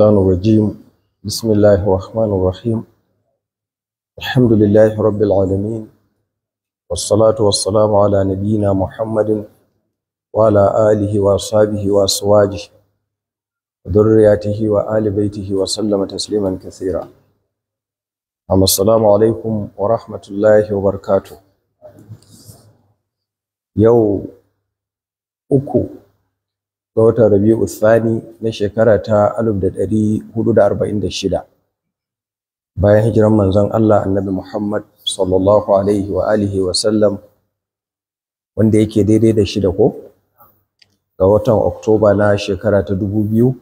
الشيطان الرجيم بسم الله الرحمن الرحيم الحمد لله رب العالمين والصلاة والسلام على نبينا محمد وعلى آله وصحبه وأزواجه وذرياته وآل بيته وسلم تسليما كثيرا أما السلام عليكم ورحمة الله وبركاته يو أكو ga watan Rabi'u Thani na shekara ta 1446 bayan hijiran manzon Allah Annabi Muhammad sallallahu alaihi wa alihi wa sallam wanda yake daidai da shida ko ga watan Oktoba na shekara ta 2024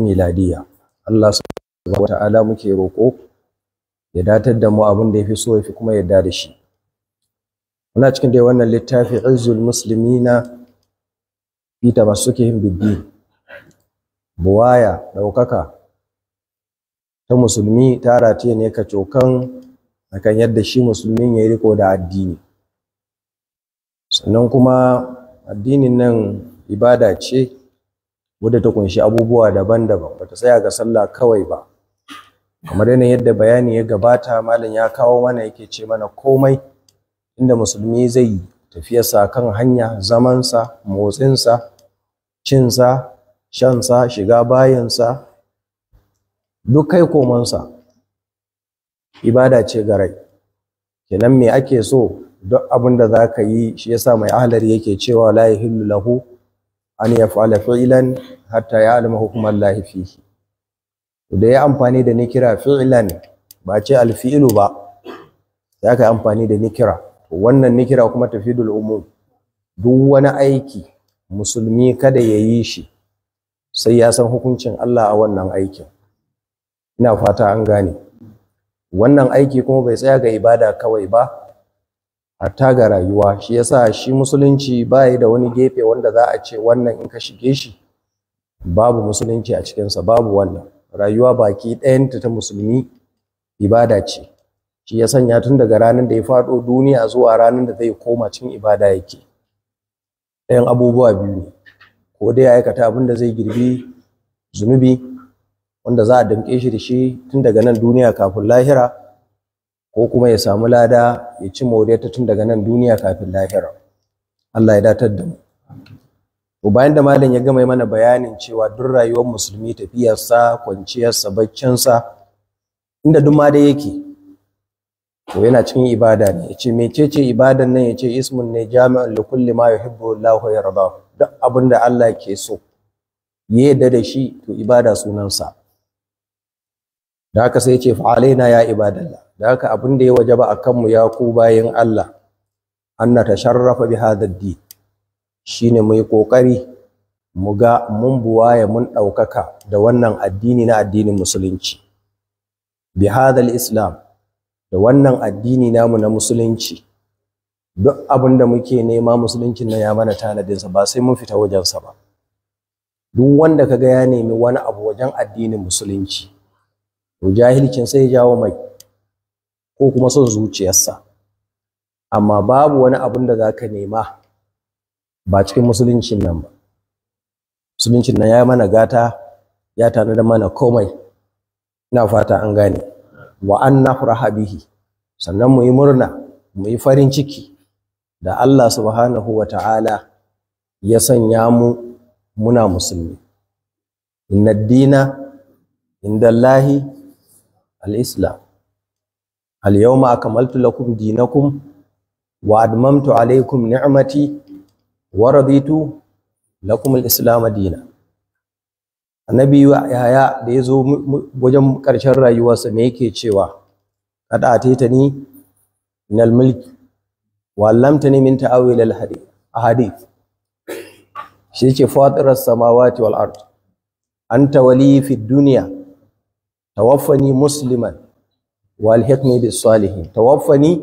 miladiya Allah subhanahu wa muke roko ya datar da mu abin da fi so yafi kuma yarda da shi muna cikin dai wannan littafi Izzul Muslimina ba suke yin bibbi. buwaya ɗaukaka ta musulmi ta rataye ne ka cokan akan yadda shi musulmin ya riko da addini sannan kuma addinin nan ibada ce wadda ta kunshi abubuwa daban-daban ba ta tsaya ga sallah kawai ba kamar yana yadda bayani ya gabata malam ya kawo mana yake ce mana komai inda musulmi zai tafiya sa kan hanya zamansa motsinsa cinsa shansa shiga bayansa duk kai komansa ibada ce ga rai kenan me ake so duk abin da za ka yi shi yasa mai ahalar yake cewa layi yahillu lahu an ya fa'ala fi'ilan hatta ya alama lahi fihi da ya amfani da nikira fi'ilan ba ce alfi'ilu ba ya aka amfani da nikira wannan nikira kuma tafidul umum duk wani aiki musulmi kada ya yi shi sai ya san hukuncin Allah a wannan aikin ina fata an gane wannan aiki kuma bai tsaya ga ibada kawai ba hatta ga rayuwa shi yasa shi musulunci ba yi da wani gefe wanda za a ce wannan in ka shige shi babu musulunci a cikinsa babu wannan rayuwa baki ɗayanta ta musulmi ibada ce shi ya sanya tun daga ranar da ya faɗo duniya zuwa ranar da zai koma cikin ibada yake ɗayan abubuwa biyu ko dai ya aikata abin da zai girbi zunubi wanda za a danƙe shi da shi tun daga nan duniya kafin lahira ko kuma ya samu lada ya ci moriyarta tun daga nan duniya kafin lahira Allah ya datar da mu to bayan da malam ya gama mana bayanin cewa duk rayuwar musulmi tafiyarsa kwanciyarsa baccinsa inda duk ma dai yake to yana cikin ibada ne yace mecece ibadan nan yace ismun ne jami'an li kulli ma yuhibbu Allahu wa yarda duk abinda Allah ke so ya yarda da shi to ibada sunansa da haka sai yace fa alaina ya ibadalla da haka abinda ya wajaba akan mu ya ku bayin Allah anna tasharrafa bi hadha ad-din shine mu yi kokari mu ga mun buwaye mun ɗaukaka da wannan addini na addinin musulunci bi hadha al-islam da wannan addini namu na musulunci duk abin da muke nema musuluncin nan ya mana tanadinsa ba sai mun fita wajensa ba duk wanda kaga ya nemi wani abu wajen addinin musulunci to jahilcin sai ya jawo mai ko kuma son zuciyarsa amma babu wani abin da zaka nema ba cikin musuluncin nan ba musuluncin nan ya mana gata ya tanada mana komai ina fata an gane wa an nafraha bihi sannan mu yi murna mu yi farin ciki da Allah subhanahu wa ta'ala ya sanya mu muna musulmi inna dina indallahi al-islam al-yawma akmaltu lakum dinakum wa admamtu alaykum ni'mati wa raditu lakum al-islam dinan annabi yahaya da ya zo wajen ƙarshen rayuwarsa me yake cewa kada atetani ni, al mulki?' wa ni min ta'awil al-hadith ahadith shi yake fatiras samawati wal ard anta wali fi dunya tawaffani musliman walhiqni bis salihin tawaffani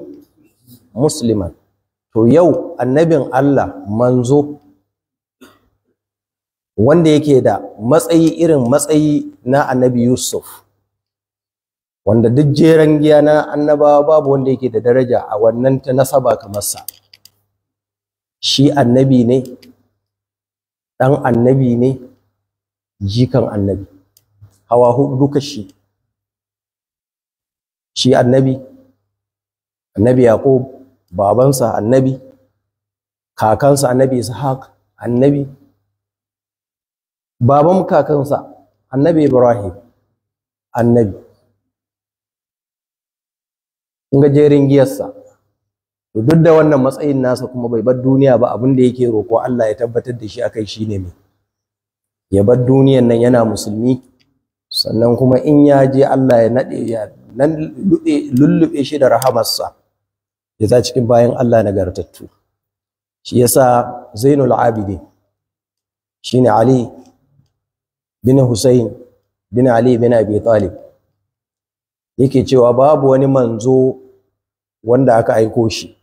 musliman to yau annabin Allah manzo wanda yake da matsayi irin matsayi na annabi yusuf wanda duk jeren giya na annabawa babu wanda yake da daraja a wannan ta nasaba kamar sa shi annabi ne ɗan annabi ne jikan annabi hawa duka shi shi annabi annabi yaqub babansa annabi kakansa annabi ishaq annabi baban kakansa annabi ibrahim annabi in gajerin giyarsa to duk da wannan matsayin nasa kuma bai bar duniya ba abin da yake roƙo Allah ya tabbatar da shi akai shine me ya bar duniyan nan yana musulmi sannan kuma in ya je Allah ya nade ya nan shi da rahamarsa ya za cikin bayan Allah nagartattu shi yasa Zainul Abidin shine Ali bin Hussein bin Ali bin Abi Talib yake cewa babu wani manzo wanda aka aiko shi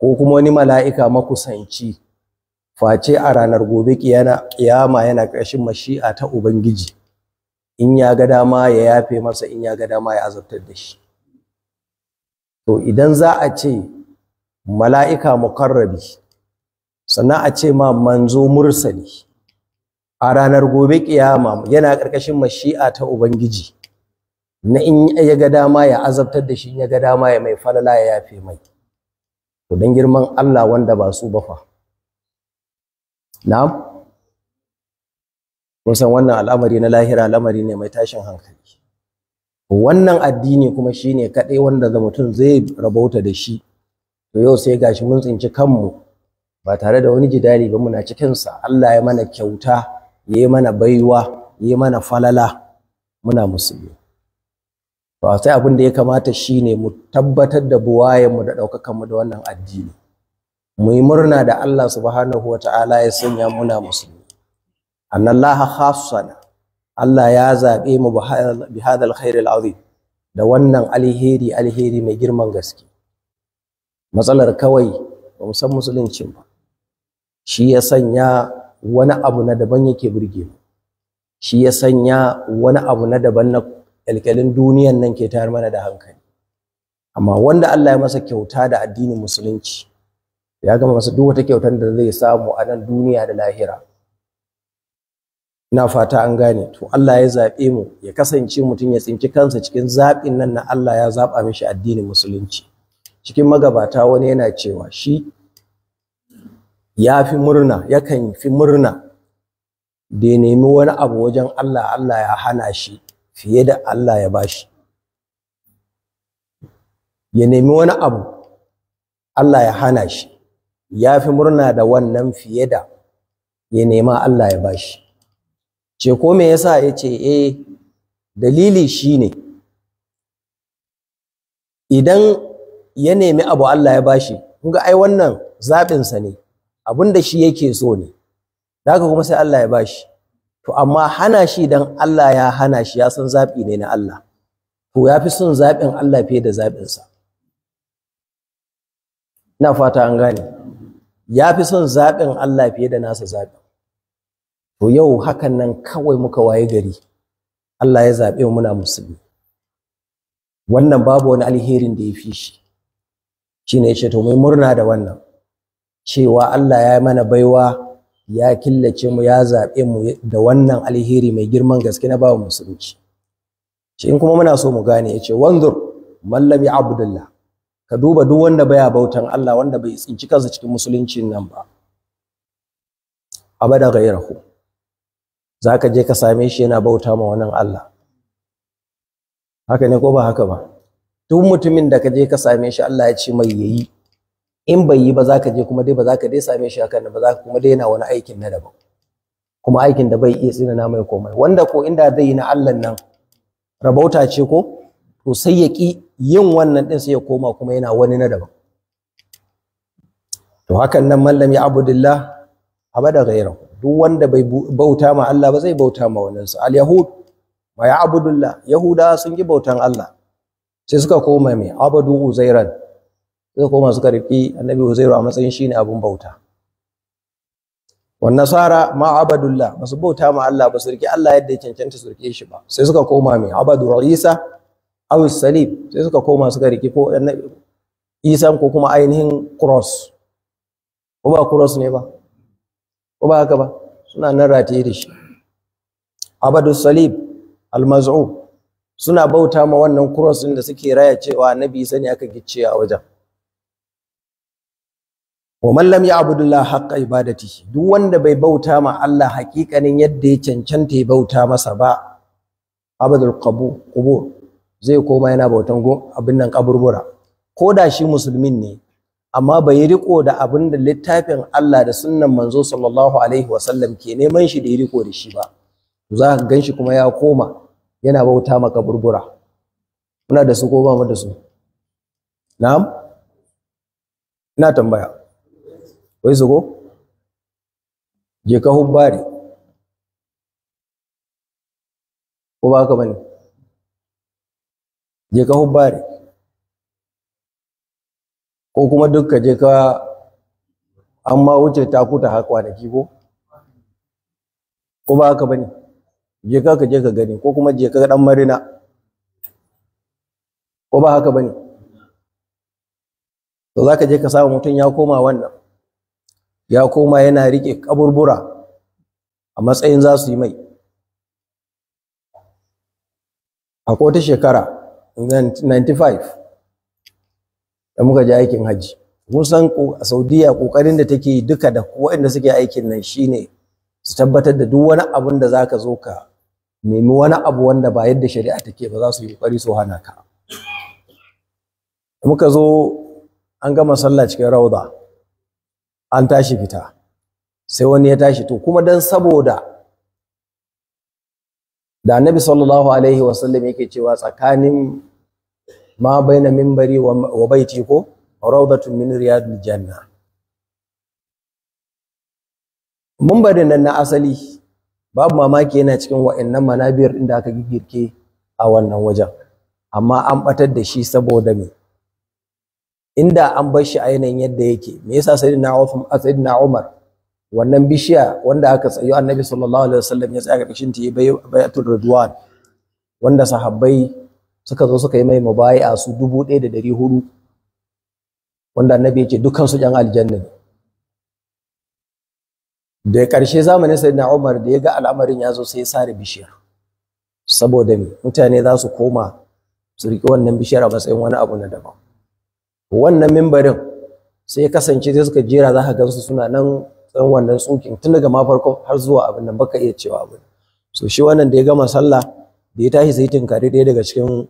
ko kuma wani mala'ika makusanci face a ranar gobe kiyama yana ƙarshen mashi'a ta Ubangiji in ya ga dama ya yafe masa in ya ga dama ya azabtar da shi to idan za a ce mala'ika mukarrabi sannan a ce ma manzo mursali a ranar gobe kiyama yana ƙarƙashin mashi'a ta ubangiji na in ya ga dama ya azabtar da shi in ya ga dama ya mai falala ya yafe mai to dan girman Allah wanda ba su ba na'am kun san wannan al'amari na lahira al'amari ne mai tashin hankali wannan addini kuma shine kaɗai wanda da mutum zai rabauta da shi to yau sai gashi mun tsinci kanmu ba tare da wani jidali ba muna cikin sa Allah ya mana kyauta ya yi mana baiwa ya yi mana falala muna musulmi to a sai abin da ya kamata shine mu tabbatar da buwayenmu da ɗaukakanmu da wannan addini mu yi murna da Allah subhanahu wa ta'ala ya sanya muna musulmi annallaha khassana Allah ya zaɓe mu bi hadal khairi da wannan alheri alheri mai girman gaske matsalar kawai ba mu san musuluncin ba shi ya sanya wani abu na daban yake burge mu shi ya sanya wani abu na daban na kyalkyalin duniyan nan ke tayar mana da hankali amma wanda Allah ya masa kyauta da addinin musulunci ya gama masa duk wata kyautar da zai samu a nan duniya da lahira ina fata an gane to Allah ya zaɓe mu ya kasance mutum ya tsinci kansa cikin zaɓin nan na Allah ya zaɓa mishi addinin musulunci cikin magabata wani yana cewa shi ya fi murna yakan fi murna da ya nemi wani abu wajen Allah Allah ya hana shi fiye da Allah ya bashi ya nemi wani abu Allah ya hana shi ya fi murna da wannan fiye da ya nema Allah ya bashi ce ko me yasa ya ce eh dalili shine idan ya nemi abu Allah ya bashi kun ga ai wannan zaɓinsa ne abin da shi yake so ne daga kuma sai Allah ya bashi to amma hana shi dan Allah ya hana shi ya san zaɓi ne na Allah to ya fi son zaɓin Allah fiye da zaɓinsa ina fata an gane ya fi son zaɓin Allah fiye da nasa zaɓi. to yau hakan nan kawai muka waye gari Allah ya zaɓe muna musulmi wannan babu wani alherin da ya fi shi shine ya ce to mai murna da wannan cewa Allah ya mana baiwa ya killace mu ya zaɓe mu da wannan alheri mai girman gaske na bawa musulunci shi in kuma muna so mu gane ya ce wanzur mallami abdullah ka duba duk wanda baya bautan Allah wanda bai tsinci kansa cikin musulunci nan ba abada gairahu za je ka same shi yana bauta ma wannan Allah haka ne ko ba haka ba duk mutumin da ka je ka same shi Allah ya ce mai yayi in bai yi ba za ka je kuma dai ba za ka dai same shi hakan ba za ka kuma dai yana wani aikin na daban kuma aikin da bai iya tsina na mai komai wanda ko inda zai yi na Allah nan rabauta ce ko to sai ya ki yin wannan din sai ya koma kuma yana wani na daban to hakan nan Mallami ya abudillah abada ghayrahu duk wanda bai bauta ma Allah ba zai bauta ma wannan sa al yahud ma ya abudullah yahuda sun yi bautan Allah sai suka koma mai abadu uzairan suka koma suka rufi annabi Uzairu a matsayin shine abun bauta wannan nasara ma abadullah su bauta ma Allah ba su rike Allah yadda ya cancanta su rike shi ba sai suka koma mai abadu isa aw salib sai suka koma suka rike ko annabi Isa ko kuma ainihin cross ko ba cross ne ba ko ba haka ba suna nan rataye da shi abadu salib al suna bauta ma wannan cross din da suke raya cewa annabi Isa ne aka gicciya a wajen wa man lam ya'budillah haqqa ibadatihi duk wanda bai bauta ma Allah haƙiƙanin yadda ya cancanta ya bauta masa ba abadul qubur zai koma yana bautan abin nan kaburbura ko da shi musulmin ne amma bai riko da abin da littafin Allah da sunnan manzo sallallahu alaihi wasallam ke neman shi da ya riko da shi ba za ka ganshi kuma ya koma yana bauta ma kaburbura muna da su ko ba mu da su na'am ina tambaya wai zugo je ka hubbari ko ba ka bane je ka hubbari ko kuma dukka je ka an ma wuce ta kuta har kwanaki ko ko ba haka bane je ka ka je ka gani ko kuma je ka dan marina ko ba haka bane to zaka je ka samu mutum ya koma wannan ya koma yana rike kaburbura a matsayin za su yi mai a kota shekara 95 da muka ji aikin hajji kun san a saudiya kokarin da take duka da waɗanda suke aikin nan shine su tabbatar da duk wani abun da zaka zo ka nemi wani abu wanda ba yadda shari'a take ba za su yi kokari su hana ka muka zo an gama sallah cikin rauda an tashi fita sai wani ya tashi to kuma dan saboda da annabi sallallahu alaihi wasallam yake cewa tsakanin ma baina mimbari wa baiti ko rawdatun min riyadil janna minbarin nan na asali babu mamaki yana cikin wa'annan manabiyar inda aka girke a wannan wajen amma an batar da shi saboda me inda an bar shi a yanayin yadda yake me yasa sayyidina Umar wannan bishiya wanda aka tsayo annabi sallallahu alaihi wasallam ya tsaya karkashin ta bayatul ridwan wanda sahabbai suka zo suka yi mai mubai'a su dubu ɗaya da ɗari hudu wanda annabi ya ce dukkan su ƴan aljanna da ƙarshe zamanin sayyidina Umar da ya ga al'amarin ya zo sai ya sare bishiyar saboda me mutane za su koma su riƙe wannan bishiyar a matsayin wani abu na daban wannan mimbarin sai kasance sai suka jera za ka gansu suna nan tsan wannan tsukin tun daga ma har zuwa abin nan baka iya cewa abin so shi wannan da ya gama sallah da ya tashi sai tinkari ɗaya daga cikin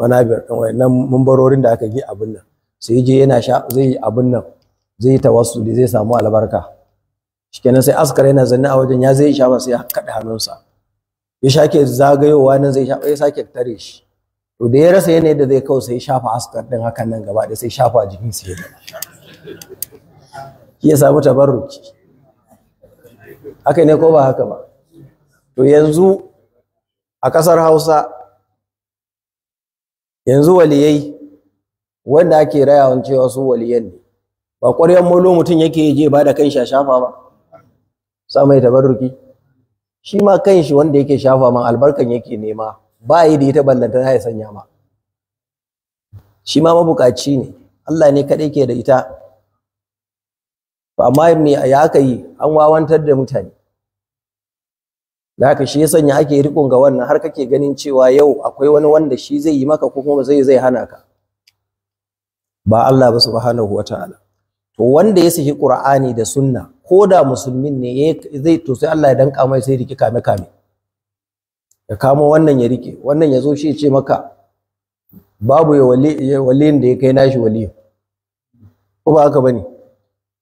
manabiyar ɗin wannan mimbarorin da aka yi abin nan sai je yana sha zai yi abin nan zai yi tawassuli zai samu albarka shikenan sai askara yana zanne a wajen ya zai sha ba sai ya kaɗa hannunsa ya shake zagayowa nan zai sha ya sake tare shi to da ya rasa yanayin da zai kawo sai shafa askar din hakan nan gaba da sai shafa jikin sa ya shi ya samu tabarruki haka ne ko ba haka ba to yanzu a ƙasar Hausa yanzu waliyai wanda ake rayawan cewa su waliyan ne ba ƙwaryan molo mutum yake je ba da kan shafa ba sa mai tabarruki shi ma kan shi wanda yake shafa man albarkan yake nema ba yi da ita na ya sanya ma shi ma mabukaci ne Allah ne kaɗai ke da ita amma me ya aka yi an wawantar da mutane da haka shi ya sanya ake rikon ga wannan har kake ganin cewa yau akwai wani wanda shi zai yi maka ko kuma zai zai hana ka ba Allah ba subhanahu wataala to wanda ya saki Qur'ani da Sunna ko da musulmin ne zai to Allah ya danka mai sai riki kame kame ya kamo wannan ya rike wannan ya zo shi ya ce maka babu ya waliyin da ya kai nashi wali ko ba haka bane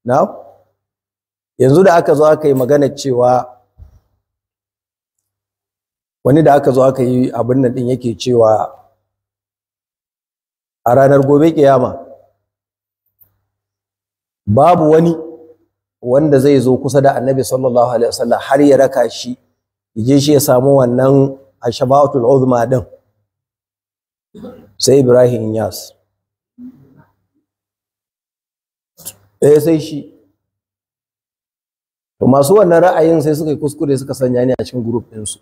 na yanzu da aka zo aka yi magana cewa wani da aka zo aka yi abin nan din yake cewa a ranar gobe kiyama babu wani wanda zai zo kusa da annabi sallallahu alaihi wasallam har ya raka shi je shi ya samu wannan ashabatul uzma din sai Ibrahim Yas eh sai shi to masu wannan ra'ayin sai suka yi kuskure suka sanya ni a cikin group din su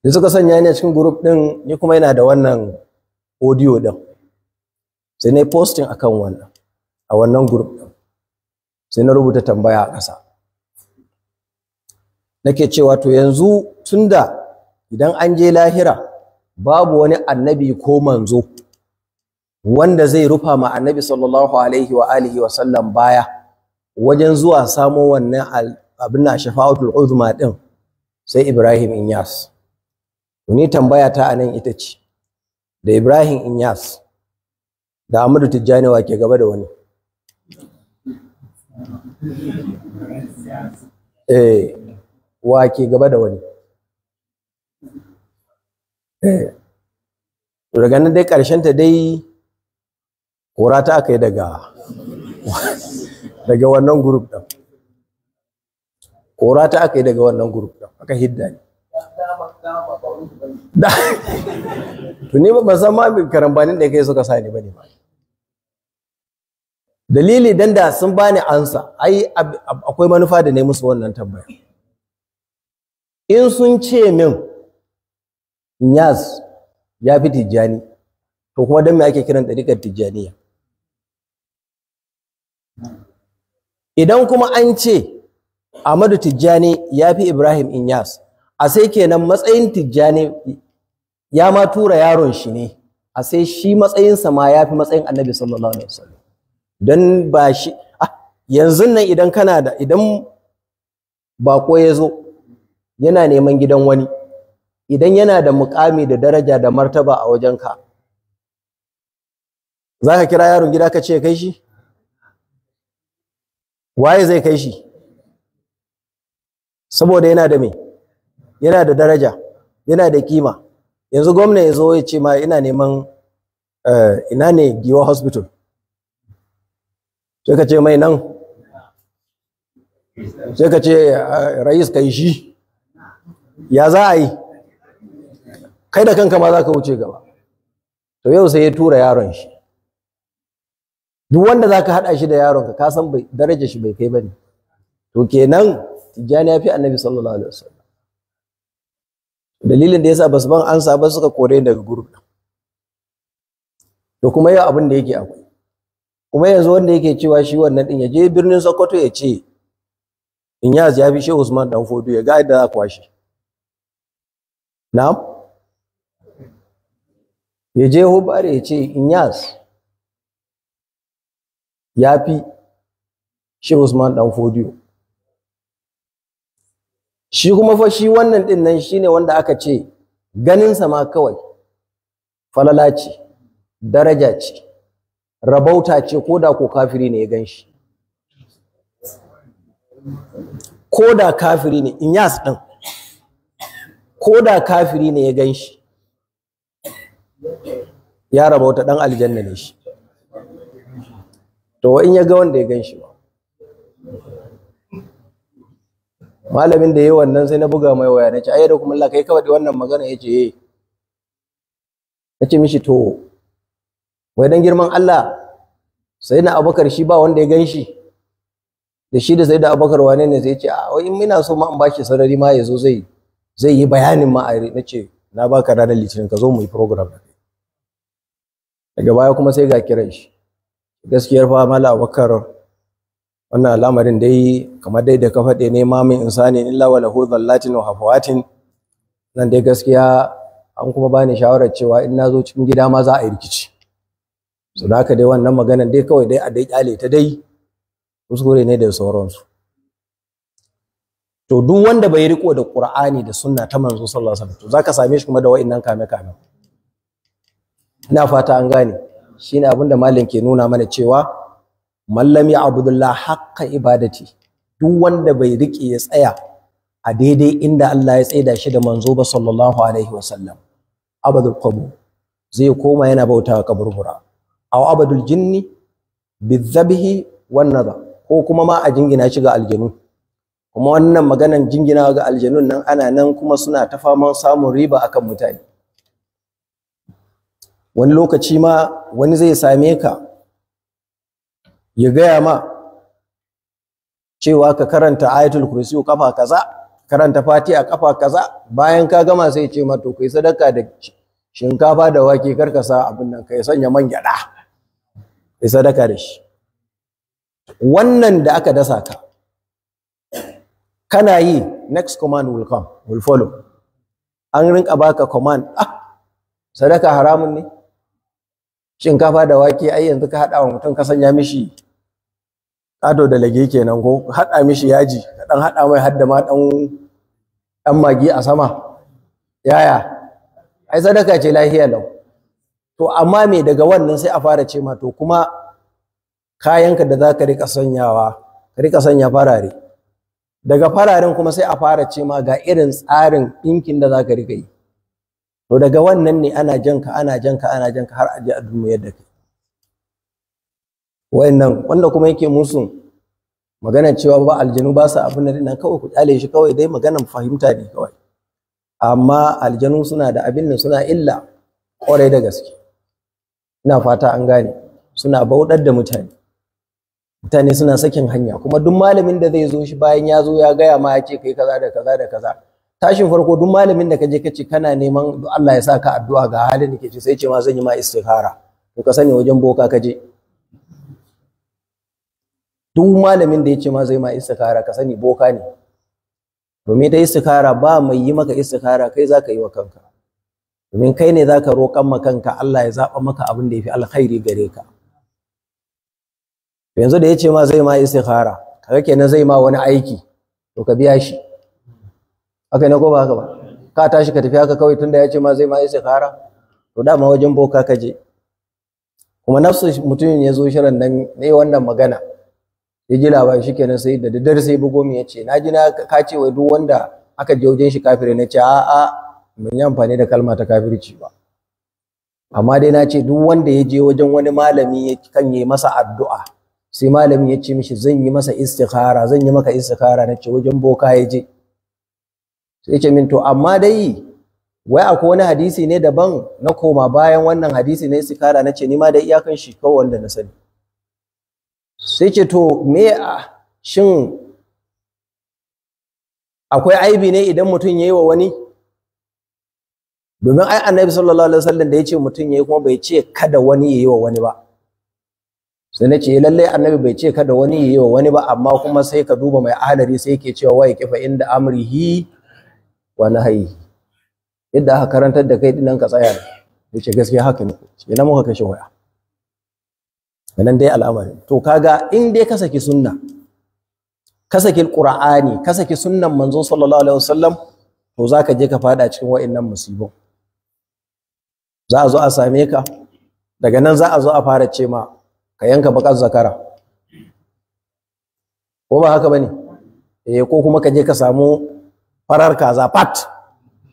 da suka sanya ni a cikin group din ni kuma yana da wannan audio din sai na yi posting akan wannan a wannan group din sai na rubuta tambaya a ƙasa nake cewa to yanzu tunda idan an je lahira babu wani annabi ko manzo wanda zai rufa ma annabi sallallahu alaihi wa alihi wa sallam baya wajen zuwa samo wannan abin na shafa'atul uzma din sai Ibrahim Inyas ni tambaya ta anan ita ce da Ibrahim Inyas da Amadu Tijjani wa ke gaba da wani eh wa ke gaba da wani eh, daga nan dai ta dai kora ta aka yi daga daga wannan group ɗin kora ta aka yi daga wannan group ɗin aka hidda ne to ni ba san ma karambanin da kai suka sa ba bane ba dalili dan da sun bani ansa ai akwai manufa da ne musu wannan tambaya in sun ce min Nyas ya fi Tijjani to kuma don me ake kiran ɗariƙar Tijjaniya idan kuma an ce Amadu Tijjani ya fi Ibrahim Inyas a sai kenan matsayin Tijjani ya ma tura yaron shi ne a sai shi matsayinsa ma ya fi matsayin annabi sallallahu alaihi wasallam don ba shi ah, yanzu nan idan kana da idan ba ko ya zo yana neman gidan wani idan yana da mukami da daraja da martaba a wajenka za ka kira yaron gida ka ce kai shi waye zai kai shi saboda yana da me yana da daraja yana da kima yanzu gwamna ya zo ya ce ma ina neman eh, ina ne giwa hospital sai ka ce mai nan sai ka ce eh, rayis kai shi ya za a yi kai da kanka ma za ka wuce gaba to yau sai ya tura yaron shi duk wanda za ka haɗa shi da yaronka ka san daraja shi bai kai ba ne to kenan tijjani ya fi annabi sallallahu alaihi wasallam dalilin da yasa basu ban ansa ba suka kore daga gurbin To kuma yau abin da yake akwai kuma yanzu wanda yake cewa shi wannan din ya je birnin Sokoto ya ce Inyaz ya fi Shehu Usman fodu, ya ga yadda za ku washe na'am ya je hubare ya ce inyas ya fi shi usman dan fodiyo shi kuma fa shi wannan din nan shine wanda aka ce ganinsa ma kawai falala ce daraja ce rabauta ce ko da ko kafiri ne ya gan shi ko da kafiri ne inyas ɗin ko da kafiri ne ya gan shi ya raba wata ɗan aljanna ne shi to in ya ga wanda ya gan shi ba malamin da ya yi wannan sai na buga mai waya na ce ai da kuma Allah kai kawai wannan magana ya ce eh. na ce mishi to wai dan girman Allah sai na abakar shi ba wanda ya gan shi da shi da sai da abakar wane ne sai ce a ah, wai in muna so ma in bashi sarari ma ya zo zai yi zai yi bayanin ma na ce na baka ranar litinin ka zo mu yi program da kai daga baya kuma sai ga kiran shi gaskiyar fa mala abubakar wannan al'amarin dai kamar dai da ka faɗe ne ma min insani illa wa lahu dhallatin wa hafawatin nan dai gaskiya an kuma bani shawarar cewa in na zo cikin gida ma za a yi rikici so da haka dai wannan maganar dai kawai dai a dai kyale ta dai kuskure ne da sauransu to duk wanda bai riko da qur'ani da sunna ta manzo sallallahu alaihi wasallam to zaka same shi kuma da wa'annan kame kame ina fata an gane shine abinda mallam ke nuna mana cewa Mallami ya abdullah haqqa ibadati duk wanda bai rike ya tsaya a daidai inda Allah ya tsaida shi da manzo ba sallallahu alaihi wasallam abadul qabr zai koma yana bauta bautawa kaburbura aw abadul jinni bizabhi wan nadha ko kuma ma a jingina shi ga aljinu kuma wannan maganan jingina ga aljanun nan ana nan kuma suna ta faman samun riba akan mutane wani lokaci ma wani zai same ka ya gaya ma cewa ka karanta ayatul kursi kafa kaza karanta a kafa kaza bayan ka gama sai ce ma to kai sadaka da shinkafa da wake karkasa sa abin nan kai sanya man gyada kai sadaka da shi wannan da aka dasa ka kana yi next command will come will follow an rinka baka command ah sadaka haramun ne shinkafa da wake ai yanzu ka hada wa mutum ka sanya mishi ado da lage kenan ko hada mishi yaji ka dan hada mai hadda ma dan dan magi a sama yaya ai sadaka ce lahiya lau to amma me daga wannan sai a fara ce ma to kuma kayanka da zaka rika sanyawa ka rika sanya farare daga fararen kuma sai a fara ce ma ga irin tsarin ɗinkin da za ka riga yi to daga wannan ne ana janka ana janka ana janka har a ji a dumu yadda kai wayannan wanda kuma yake musu maganar cewa ba aljanu ba su abin da nan kawai ku kyale shi kawai dai maganar fahimta ne kawai amma aljanu suna da abin da suna illa kwarai da gaske ina fata an gane suna bauɗar da mutane mutane suna sakin hanya kuma duk malamin da zai zo shi bayan ya zo ya gaya ma ya ce kai kaza da kaza da kaza tashin farko duk malamin da kaje kace kana neman Allah ya saka addu'a ga halin da kake sai ce ma zan yi ma istikhara to ka sani wajen boka kaje duk malamin da ya ce ma zai ma istikhara ka sani boka ne domin ta istikhara ba mai yi maka istikhara kai zaka yi wa kanka domin kai ne zaka roƙan ma kanka Allah ya zaba maka abin da yafi alkhairi gare ka yanzu da ya ce ma zai ma istikhara kaga kenan zai ma wani aiki to ka biya shi haka ne ko ba haka ba ka tashi ka tafi haka kawai tunda ya ce ma zai ma istikhara to dama wajen boka ka je kuma nafsu mutumin ya zo shirin nan ne wannan magana ya ji labarin shi kenan sai da daddare sai bugo mi ya ce na ji na ka ce wai duk wanda aka je wajen shi kafire na ce a'a mun yi amfani da kalma ta kafirci ba amma dai na ce duk wanda ya je wajen wani malami kan yi masa addu'a sai malamin ya ce mishi zan yi masa istikhara zan yi maka istikhara na ce wajen boka ya je sai ce min to amma dai wai akwai wani hadisi ne daban na koma bayan wannan hadisi na istikhara na ce ni ma da iyakan shi kawai wanda na sani sai ce to me a shin akwai aibi ne idan mutum ya yi wa wani domin ai annabi sallallahu alaihi wasallam da ya ce mutum ya yi kuma bai ce kada wani ya yi wa wani ba sai na ce eh, lallai annabi bai ce kada wani yi wa wani ba amma kuma sai ka duba mai ahalari sai ke cewa wai kifa inda amrihi wa nahyi yadda aka karantar da kai dinan ka tsaya yace gaskiya haka ne sai na muka kashe waya nan dai al'amarin to kaga in dai ka saki sunna ka saki qur'ani ka saki sunnan manzo sallallahu alaihi wasallam to zaka je ka fada cikin wa'annan musibin za a zo a same ka daga nan za a zo a fara ce ma ka yanka baƙar zakara ko ba haka ne, eh ko kuma ka je ka samu farar kaza fat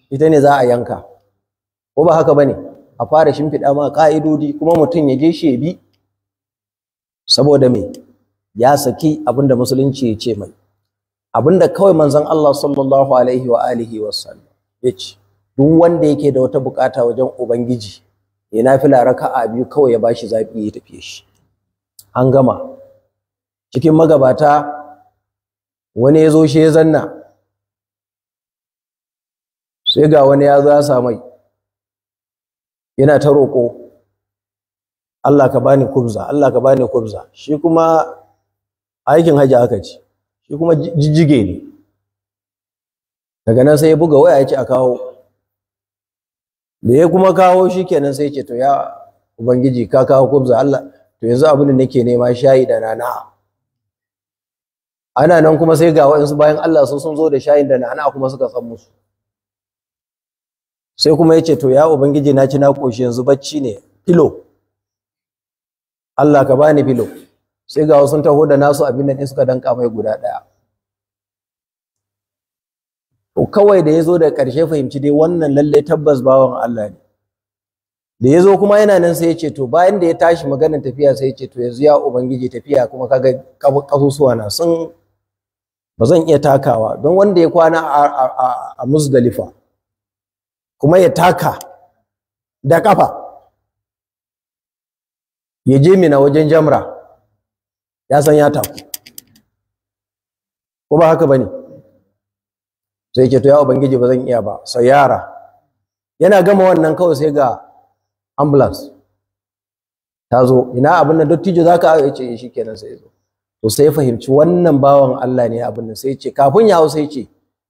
ita ne za a yanka ko ba haka ba ne, a fara shimfiɗa ma ƙa'idodi kuma mutum ya je shi bi saboda me ya saki abinda musulunci ya ce mai abinda kawai manzon Allah sallallahu alaihi wa alihi wa sallam ya ce duk wanda yake da wata bukata wajen ubangiji ya nafila raka'a biyu kawai ya bashi zabi ya tafiye shi an gama cikin magabata wani ya zo shi ya zanna sai ga wani ya zo ya samai yana ta roƙo Allah ka bani kubza Allah ka bani kubza shi kuma aikin haji aka ci shi kuma jijjige ne daga nan sai ya buga waya ya a kawo da ya kuma kawo shi kenan sai ya ce to ya ubangiji ka kawo kubza Allah to yanzu abin da nake nema shayi da nana ana nan kuma sai ga waɗansu bayan Allah sun sun zo da shayin da nana kuma suka san musu sai kuma yace to ya ubangiji na ci na koshi yanzu bacci ne filo Allah ka bani filo sai ga wasu sun taho da nasu abin nan suka danka mai guda ɗaya to kawai da ya zo da karshe fahimci dai wannan lalle tabbas bawan Allah ne da ya zo kuma yana nan sai ya ce to bayan da ya tashi maganar tafiya sai ya ce to yanzu ya ubangiji tafiya kuma kaga kasusuwa na sun ba zan iya takawa don wanda ya kwana a musdalifa kuma ya taka da kafa ya je mina wajen jamra ya san ya taku ko ba haka bane sai ya ce to ya ubangiji ba zan iya ba sayara yana gama wannan kawai sai ga ambulance ta zo ina abin nan dattijo za ka ya ce eh, shi kenan sai zo to sai fahimci wannan bawan Allah ne abin nan sai ce kafin ya hau sai ce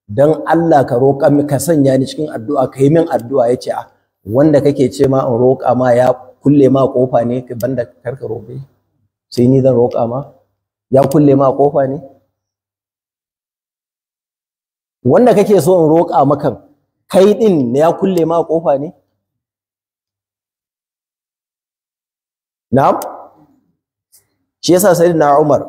dan Allah ka roƙa mi ka sanya ni cikin addu'a ka yi min addu'a ya ce a ah, wanda kake ce ma in roƙa ma ya kulle ma kofa ne banda karka roƙe sai ni zan roƙa ma ya kulle ma kofa ne wanda kake so in roƙa maka kai din ne ya kulle ma kofa ne na'am shi yasa sayyidina Umar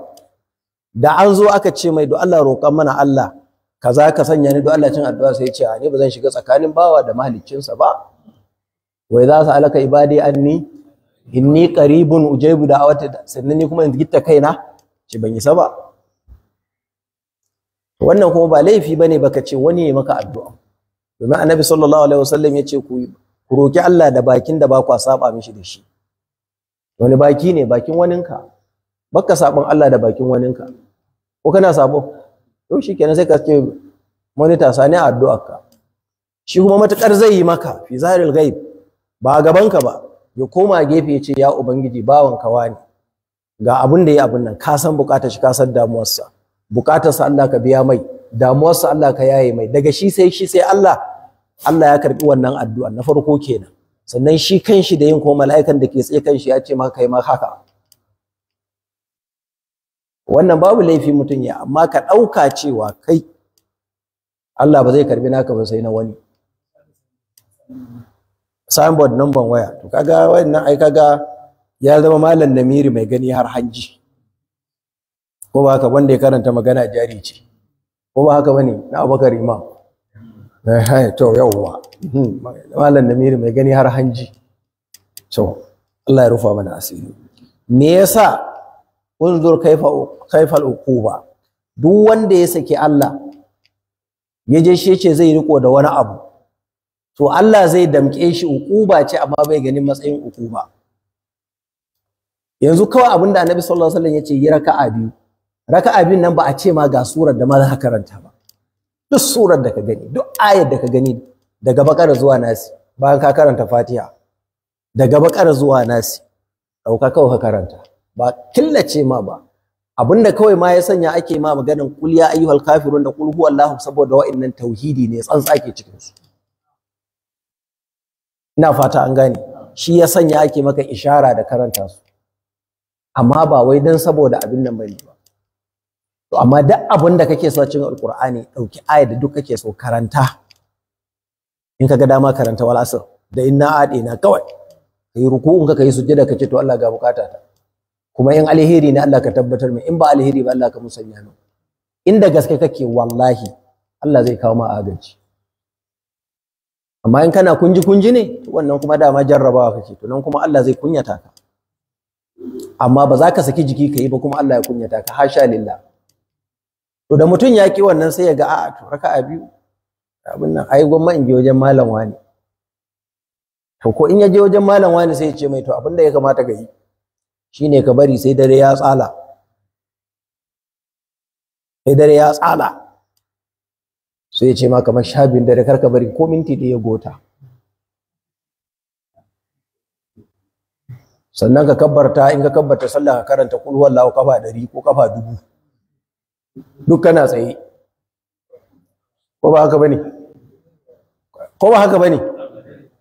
da an zo aka ce mai do Allah roƙan mana Allah kaza ka sanya ni do Allah cin addu'a sai ya ce a ni ba zan shiga tsakanin bawa da mahaliccinsa ba wai za su alaka ibadi anni inni qaribun ujaibu da'awati sannan ni kuma in gitta kaina ce ban sa ba wannan kuma ba laifi bane baka ce wani ya maka addu'a domin annabi sallallahu alaihi wasallam ya ce ku roki Allah da bakin da ba kwa saba mishi da shi wani baki ne bakin waninka baka sabon Allah da bakin waninka ko kana sabo to shikenan sai ka ce monitor sani addu'arka shi kuma matukar zai yi maka fi zahiril ghaib ba gaban ka ba ya koma gefe ya ce ya ubangiji bawan kawa ne ga abin da ya abin nan ka san bukatar shi ka san damuwarsa sa Allah ka biya mai damuwarsa Allah ka yaye mai daga shi sai shi sai Allah Allah ya karbi wannan addu'a na farko kenan sannan shi kanshi da yin kuma mala'ikan da ke tsaye kanshi ya ce maka kai ma haka wannan babu laifi mutum ya amma ka ɗauka cewa kai Allah ba zai karbi naka ba sai na wani signboard number waya to kaga wannan ai kaga ya zama malam namiri mai gani har hanji ko ba haka wanda ya karanta magana jari ce ko ba haka bane na Abubakar Imam Eh, eh, to yawwa hmm. malam namiri mai gani har hanji to Allah ya rufa mana asiri me yasa unzur kaifa kaifal uquba duk wanda ya saki Allah ya je shi yace zai riko da wani abu to Allah zai damke shi uquba ce amma bai ganin matsayin uquba yanzu kawai abinda Annabi sallallahu alaihi wasallam ce yi raka'a biyu raka'a biyun nan ba a ce ma ga surar da ma za ka karanta ba duk surar da ka gani duk ayar da ka gani daga bakara zuwa nasi bayan ka karanta fatiha daga bakara zuwa nasi ɗauka kawai ka karanta ba killace ma ba abinda kawai ma ya sanya ake ma maganin kul ya ayyuhal kafirun da kul huwallahu saboda wa'annan tauhidi ne tsantsa ke cikin su ina fata an gane shi ya sanya ake maka ishara da karanta su amma ba wai dan saboda abin nan bane to amma duk abin da kake so cikin Alƙur'ani dauki aya da duk kake so karanta in kaga dama karanta wal asr da inna na kawai kai in ka yi sujjada kace to Allah ga bukata ta kuma in alheri ne Allah ka tabbatar mai in ba alheri ba Allah ka musanya mu inda gaske kake wallahi Allah zai kawo ma agaji amma in kana kunji kunji ne to wannan kuma dama jarrabawa kake to nan kuma Allah zai kunyata ka amma ba za ka saki jiki ka yi ba kuma Allah ya kunyata ka hasha lillah to da mutum ya ki wannan sai ya ga a'a to a biyu abin nan ai gwamma in je wajen malam wani to ko in ya je wajen malam wani sai ya ce mai to abin da ya kamata ka yi shine ka bari sai dare ya tsala sai dare ya tsala sai ya ce ma kamar shabin dare kar ka bari ko minti ɗaya gota sannan ka kabbarta in ka kabbarta sallah ka karanta kul wallahu kafa ɗari ko kafa dubu duk kana tsaye ko ba haka bane ko ba haka bane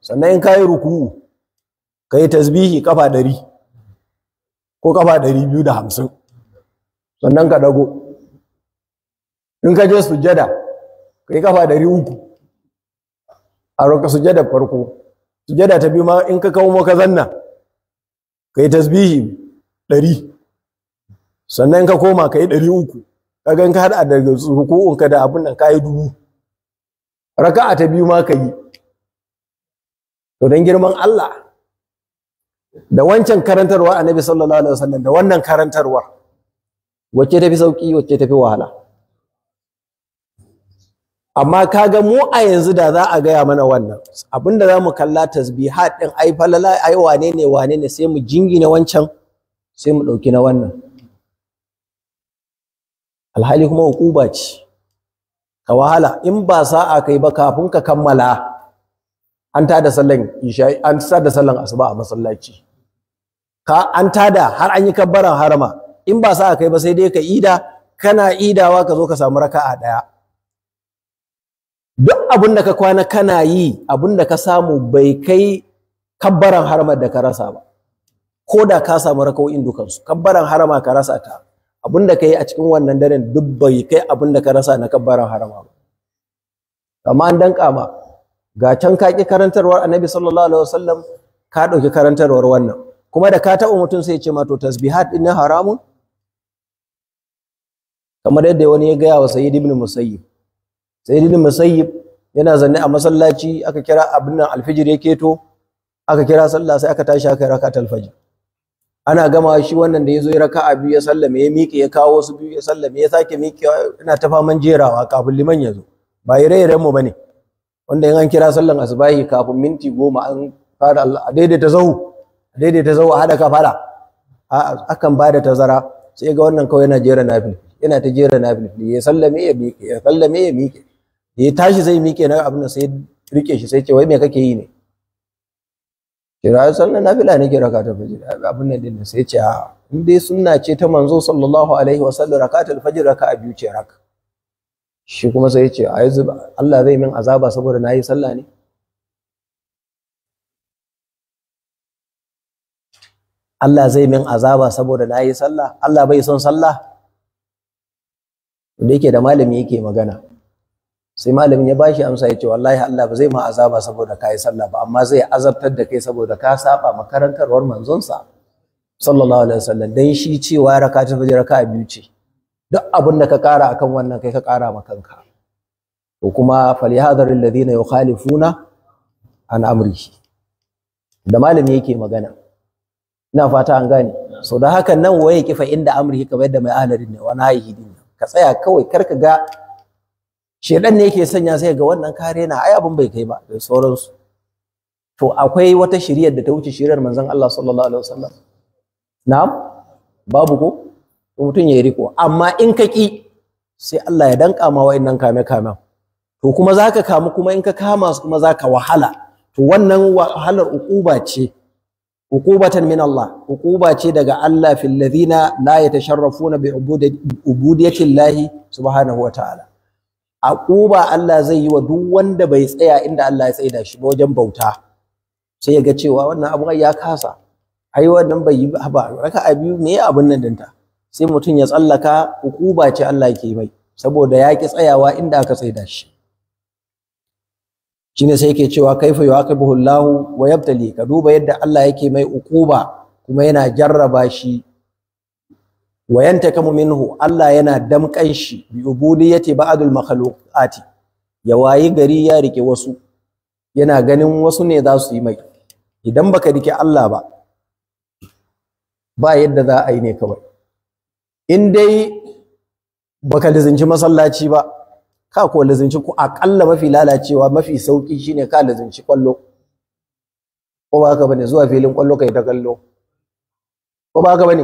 sannan in kayi ruku'u kai tasbihi kafa dari, ko kafa dari biyu da hamsin sannan ka dago in ka je sujada kai kafa dari uku a roka sujada farko sujada ta biyu ma in ka kawo maka zanna kai tasbihi dari, sannan ka koma kai dari uku kaga in ka hada da rukun ka da abin nan kai dubu raka'a ta biyu ma ka yi to dan girman Allah da wancan karantarwa annabi sallallahu alaihi wasallam da wannan karantarwar wacce tafi sauki wacce tafi wahala amma kaga mu a yanzu da za a gaya mana wannan abinda za mu kalla tasbihat din ai falala ai wane ne wane ne sai mu jingina wancan sai mu ɗauki na wannan alhali kuma hukuba ce ka wahala in ba sa'a kai ba kafin ka kammala an tada sallan isha an asuba a masallaci ka an tada har an yi kabbaran harama in ba sa'a kai ba sai dai ka ida kana idawa ka zo ka samu raka a daya duk abin da ka kwana kana yi abin da ka samu bai kai kabbaran harama da ka rasa ba ko da ka samu raka'o'in dukansu kabbaran harama ka rasa ta abin da ka yi a cikin wannan daren duk bai kai abin da ka rasa na kabbaran harama ba amma an danka ma ga can ka ki karantarwar annabi sallallahu alaihi wasallam ka ɗauki karantarwar wannan kuma da ka taɓa mutum sai ya ce ma to tasbihat ɗin na haramun kamar yadda wani ya gaya wa sayyid ibn musayyib sayyid ibn musayyib yana zanne a masallaci aka kira abin nan alfijir yake keto aka kira sallah sai aka tashi aka yi rakatul fajr ana gama shi wannan da ya zo ya a biyu ya sallame ya miƙe ya kawo su biyu ya sallame ya sake miƙe ina ta faman jerawa kafin liman ya zo ba ire-iren mu bane wanda in an kira sallan asbahi kafin minti goma an fara Allah a daidaita zau a daidaita zau a haɗa kafara akan ba da tazara sai ga wannan kawai yana jera nafil yana ta jera nafil ya sallame ya miƙe ya sallame ya miƙe ya tashi zai miƙe na abin sai rike shi sai ce wai me kake yi ne kira sallar nafila ne ke rakatul fajr abin nan din sai ce a in dai sunna ce ta manzo sallallahu alaihi wa sallam rakatul fajr a biyu ce raka shi kuma sai ya ce a yanzu Allah zai min azaba saboda nayi sallah ne Allah zai min azaba saboda nayi sallah Allah bai son sallah da yake da malami yake magana sai malamin ya bashi amsa ya ce wallahi Allah ba zai ma azaba saboda ka yi sallah ba amma zai azabtar da kai saboda ka saba makarantarwar sa sallallahu alaihi wasallam dan shi cewa rakatu fajr raka'a biyu ce duk abin da ka kara akan wannan kai ka kara ma kanka Ko kuma falyahdhar alladhina yukhalifuna an amrihi da malami yake magana ina fata an gane so da hakan nan waye kifa inda amrihi kamar yadda mai alarin ne wa nahihi din ka tsaya kawai kar ka ga shedan ne yake sanya sai ga wannan kare na ai abin bai kai ba da sauransu to akwai wata shiriyar da ta wuce shiriyar manzon Allah sallallahu alaihi wasallam na'am babu ko mutum ya riko amma in ka ki sai Allah ya danka ma innan kame kame to kuma zaka kamu kuma in ka kama su kuma zaka wahala to wannan wahalar ukuba ce uqubatan min Allah uquba ce daga Allah fil ladina la yatasharrafuna bi ubudiyyati Allah subhanahu wa ta'ala A ƙuba Allah zai yi wa duk wanda bai tsaya inda Allah ya tsaida shi ba wajen bauta sai ya ga cewa wannan abu ya kasa ai wannan bai yi ba raka a biyu me abin nan dinta sai mutum ya tsallaka ukuba ce Allah yake mai saboda ya ki tsayawa inda aka da shi shine sai yake cewa kaifa yu'aqibuhu Allah wa yabtali ka duba yadda Allah yake mai ukuba kuma yana jarraba shi wa yantakamu minhu Allah yana damƙan shi bi ubudiyyati ba'dul makhluqati ya wayi gari ya rike wasu yana ganin wasu ne za su yi mai idan baka rike Allah ba ba yadda za a yi ne kawai in dai baka lizinci masallaci ba ka ko lizinci ku akalla mafi lalacewa mafi sauki shine ka lizinci kwallo ko ba ka bane zuwa filin kwallo kai ta kallo ko ba ka bane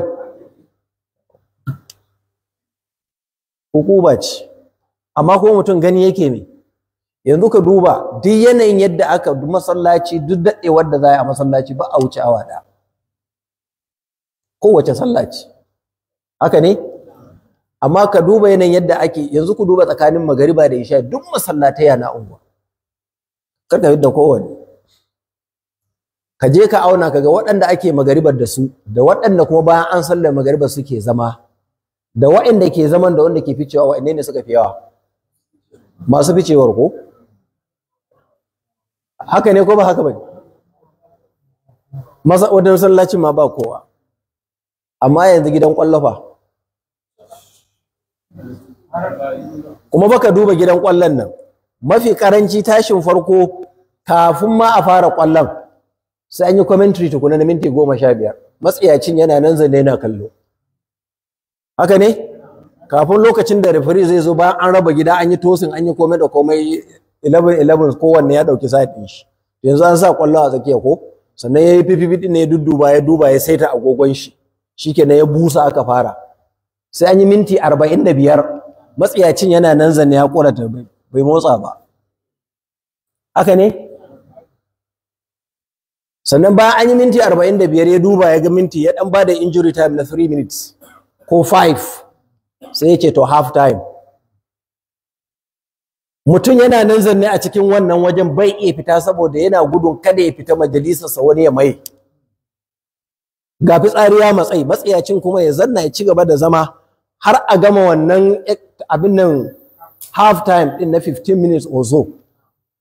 hukuba ce amma ko mutum gani yake ne yanzu ka duba duk yanayin yadda aka masallaci duk daɗewar da za a masallaci ba a wuce awa ɗaya kowace sallaci haka ne amma ka duba yanayin yadda ake yanzu ku duba tsakanin magariba da isha duk masallatai yana unguwa kar ka da kowanne ka je ka auna kaga waɗanda ake magaribar da su da waɗanda kuma bayan an sallar magaribar suke zama da waɗanda ke zaman da wanda ke ficewa wa'in ne suka fi yawa masu ficewar ko haka ne ko ba haka ba masa wadannan sallacin ma ba kowa amma yanzu gidan kwallafa kuma baka duba gidan kwallon nan mafi karanci tashin farko kafin ma a fara kwallon sai an yi commentary tukuna na minti goma sha biyar matsiyacin yana nan zane yana kallo haka ne kafin lokacin da referee zai zo bayan an raba gida an yi tosin an yi komai da komai 11-11 kowanne ya ɗauki sa'in shi yanzu an sa kwallo a tsakiya ko sannan ya yi fififi ne ya dudduba ya duba ya saita agogon shi shikenan ya busa aka fara sai an yi minti 45 matsiyacin yana nan zanne ya ta bai motsa ba haka ne sannan bayan an yi minti 45 ya duba ya ga minti ya dan bada injury time na 3 minutes ko five sai yake to half time mutum yana nan zanne a cikin wannan wajen bai iya fita saboda yana gudun kada ya fita majalisarsa wani ya mai ga fitsari ya matsayi matsayacin kuma ya zanna ya ci gaba da zama har a gama wannan abin nan half time din na 15 minutes or so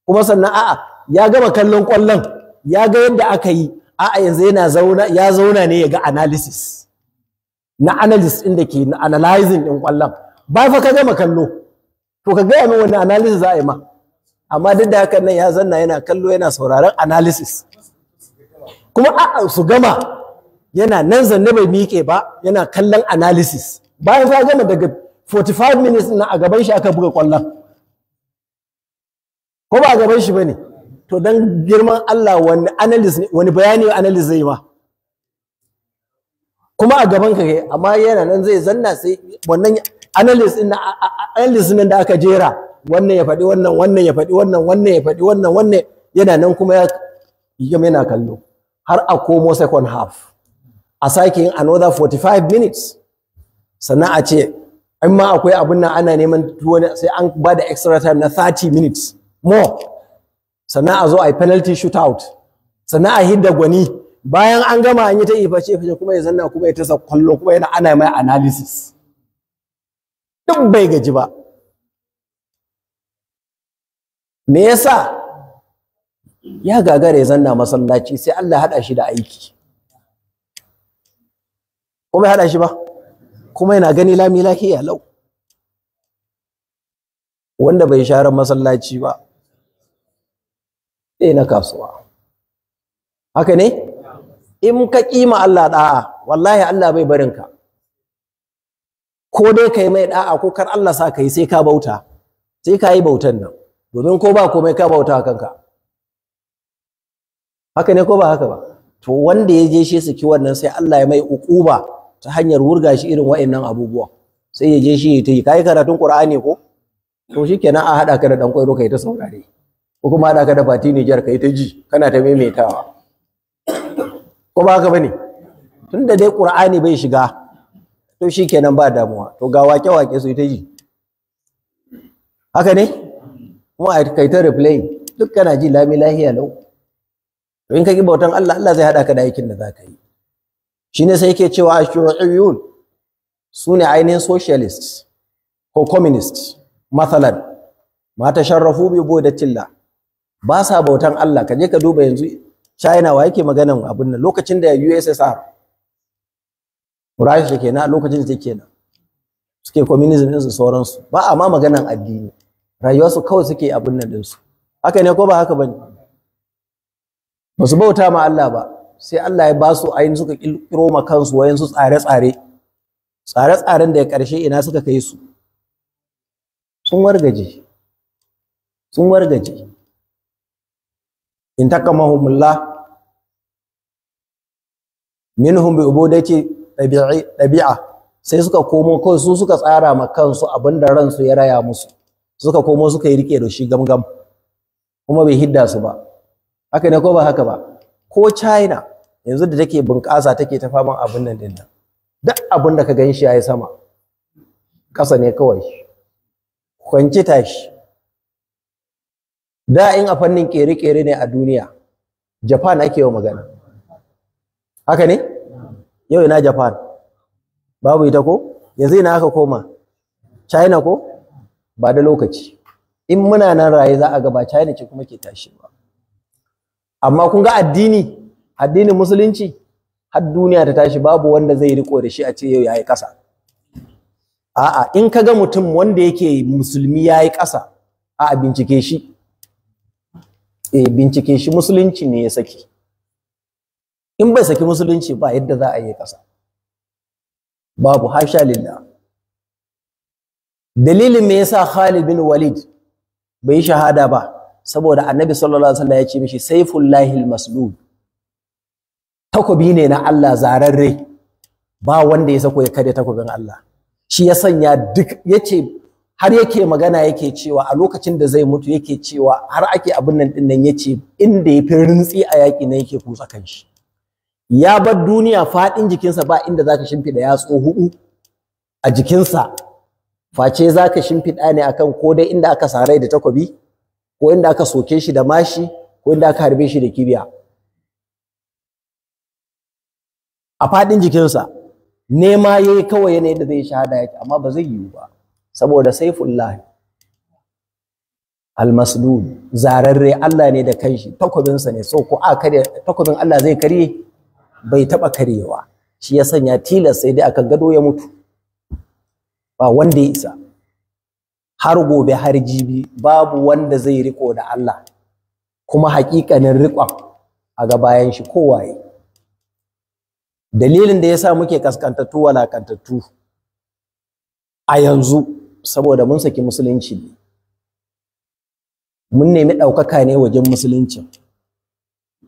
kuma sannan a'a ya gama kallon kwallon ya ga yadda aka yi a'a yanzu yana zauna ya zauna ne ya ga analysis na analyst ɗin da ke na analyzing ɗin ƙwallon ba fa ka gama kallo to ka gaya min wani analysis za a yi ma amma duk da haka nan ya zanna yana kallo yana sauraron analysis kuma a'a su gama yana nan zanne bai miƙe ba yana kallon analysis bayan fa gama daga 45 minutes na a gaban shi aka buga ƙwallon ko ba a gaban shi bane to dan girman Allah wani analyst wani bayani analyst zai ma kuma a gaban ka amma yana nan zai zanna sai wannan analyst din analyst din da aka jera wannan ya faɗi wannan wannan ya faɗi wannan wannan ya faɗi wannan wannan yana nan kuma ya yana kallo har a komo second half a sake yin another 45 minutes sannan a ce in ma akwai abin nan ana neman wani sai an ba da extra time na 30 minutes more sannan a zo a yi penalty shootout sannan a hidda gwani bayan an gama an yi ta ifashe ifashe kuma ya zanna kuma ya tasa kwallo kuma yana ana mai analysis duk bai gaji ba me yasa ya gagara ya zanna masallaci sai Allah hada shi da aiki kuma bai hada shi ba kuma yana gani lami lahiya lau wanda bai share masallaci ba sai na kasuwa haka ne in ka kima Allah da'a wallahi Allah bai barin ka ko dai kai mai da'a ko kar Allah sa kai sai ka bauta sai ka yi bautan nan domin ko ba komai ka bauta kanka haka ne ko ba haka ba to wanda ya je shi ki wannan sai Allah ya mai ukuba ta hanyar wurga shi irin wa'annan abubuwa sai ya je shi ya yi kai karatun Qur'ani ko to shikenan a hada ka da dan kwairo kai ta saurare ko kuma hada ka da fati jar kai ta ji kana ta maimaitawa ko ba haka bane tunda dai qur'ani bai shiga to kenan ba damuwa to ga wake wake su ta ji haka ne kuma a kai ta replay duk kana ji lami lahiya lau to in ka ki bautan Allah Allah zai hada ka da aikin da zaka yi shine sai yake cewa su sune ainihin socialists ko communists mata ma tasharrafu bi budatillah ba sa bautan Allah ka je ka duba yanzu china wa yake maganan abin nan lokacin da ussr Russia na lokacin da take nan suke communism din su sauransu ba a ma maganan addini rayuwarsu kawai suke abin nan din su haka ne ko ba haka bane ba su bauta ma Allah ba sai Allah ya ba su ayin suka kiro ma kansu wayan su tsare-tsare tsare-tsaren da ya karshe ina suka kai su sun wargaje sun wargaje In intakamahumullah minhum bi ubudati ɗabi'a sai suka komo ko su suka tsara ma kansu abinda ransu ya raya musu suka komo suka yi rike da shi gamgam kuma bai hidda su ba haka ne ko ba haka ba ko China yanzu da take bunƙasa take ta faman abin nan din nan duk abin da ka ganshi shi yayi sama ƙasa ne kawai kwanci tashi da in a fannin kere-kere ne a duniya japan ake yau magana haka ne yau ina japan babu ita ko yanzu ina aka koma china ko ba da lokaci in muna nan raye za a gaba china ce kuma ke tashi ba amma kun ga addini addinin musulunci har duniya ta tashi babu wanda zai riko da shi a ce yau yayi kasa a'a in kaga mutum wanda yake musulmi yayi kasa a bincike shi Eh, bincike shi musulunci ne ya saki in bai saki musulunci ba yadda za a yi ƙasa babu hasha lilla. dalilin me yasa Khalid bin Walid bai yi shahada ba saboda annabi sallallahu alaihi wasallam ya ce mishi saifullahi maslul takobi ne na Allah zararre ba wanda ya sako ya kare takobin Allah shi ya sanya duk yace har yake magana yake cewa a lokacin da zai mutu yake cewa har ake abin nan din nan yace inda yafi rintsi a yaki ne yake kan shi. ya bar duniya fadin jikinsa ba inda zaka shimfida yatsu hudu a jikinsa face zaka shimfiɗa ne akan ko dai inda aka sarai da takobi ko inda aka soke shi da mashi ko inda aka harbe shi da kibiya a faɗin jikinsa nema yayi kawai yanayin da zai shahada yake amma ba zai yiwu ba saboda saifullah almaslul zararre Allah ne da kanshi takobinsa ne so ko a kare takobin Allah zai karye bai taba karyewa shi ya sanya tilas sai dai akan gado ya mutu ba wanda ya isa har gobe har jibi babu wanda zai riko da Allah kuma hakikanin riƙon a ga bayan shi kowaye dalilin da yasa muke kaskantattu walakantattu a yanzu saboda mun saki musulunci mun nemi ɗaukaka ne wajen musuluncin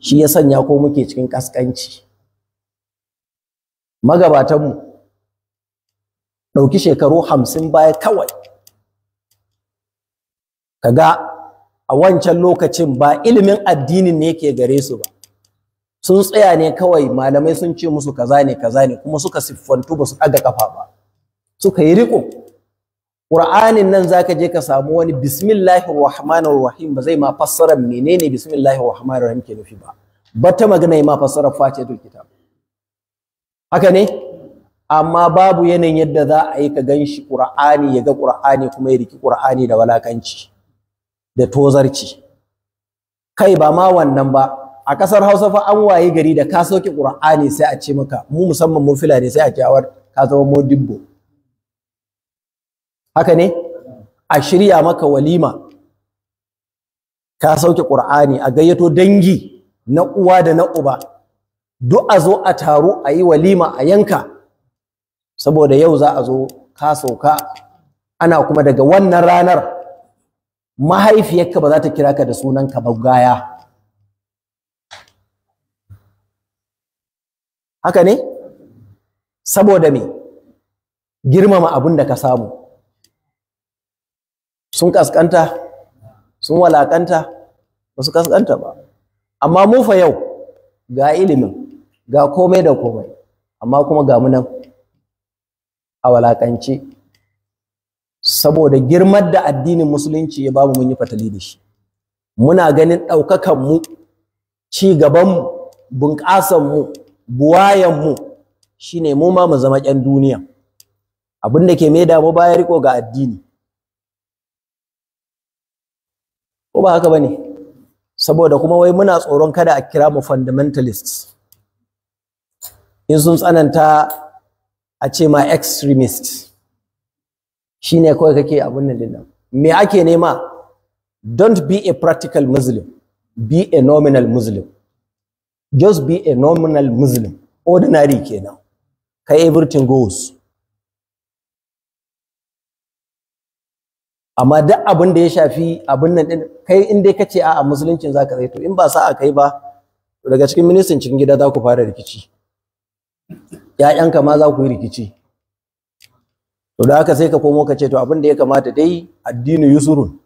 shi ya sanya ko muke cikin ƙasƙanci magabatanmu ɗauki shekaru hamsin baya kawai kaga a wancan lokacin ba ilimin addinin ne ke gare su ba sun tsaya ne kawai malamai sun ce musu kaza ne kaza ne kuma suka siffantu ba su ɗaga ƙafa ba suka yi riƙo Qur'anin nan zaka je ka samu wani bismillahir rahmanir rahim ba zai ma fassara menene bismillahir rahmanir rahim ke nufi ba bata magana ma fassara fatihatul kitab haka ne amma babu yanayin yadda za a yi ka ganshi Qur'ani ya ga Qur'ani kuma ya riki Qur'ani da walakanci da tozarci kai ba ma wannan ba a kasar Hausa fa an waye gari da ka sauke Qur'ani sai a ce maka mu musamman mun fila sai a ce ka zama modibbo haka ne a shirya maka walima ka sauke qur'ani a gayyato dangi na uwa da na uba duk a zo a taro a yi walima a yanka saboda yau za a zo ka sauka ana kuma daga wannan ranar mahaifiyarka ba za ta kira ka da sunanka ba gaya haka ne saboda me girmama abin da ka samu sun kaskanta sun walakanta ba su kaskanta ba amma mu yau ga ilimin ga komai da komai amma kuma ga mu a walaƙance. saboda girmar da addinin musulunci ya bamu mun yi fatali da shi muna ganin ɗaukakan mu ci gaban mu bunƙasan mu buwayan mu shine mu ma mu zama ƙyan duniya abin da ke mai damu baya riko ga addini ko ba haka bane saboda kuma wai muna tsoron kada a kira mu fundamentalists in sun tsananta a ce ma extremist shine kawai kake abun nan dinnan me ake nema don't be a practical muslim be a nominal muslim just be a nominal muslim ordinary kenan kai everything goes amma duk abin da ya shafi abin nan din kai in dai kace a'a musuluncin zaka zai to in ba sa'a kai ba daga cikin ministan cikin gida za ku fara rikici ƴaƴanka ma za ku yi rikici to da haka sai ka komo ka ce to abin da ya kamata dai addini yusurun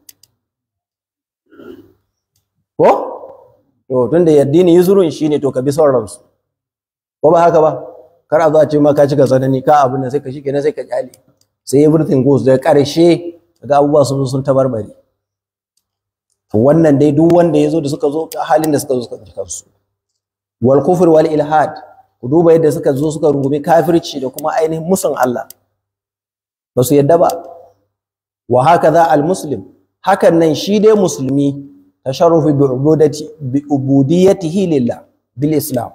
ko to tunda addini yusurun shine to ka bi son su ko ba haka ba kar a zo a ce ma ka cika tsanani ka abin nan sai ka shike na sai ka kyale sai everything goes da karshe ga abubuwa sun zo sun tabarbare to wannan dai duk wanda ya zo da suka zo halin da suka zo suka kansu wal kufr wal ilhad ku duba yadda suka zo suka rungume kafirci da kuma ainihin musun Allah ba su yadda ba wa hakaza al muslim hakan nan shi dai musulmi tasharrufu bi ubudati bi ubudiyatihi lillah bil islam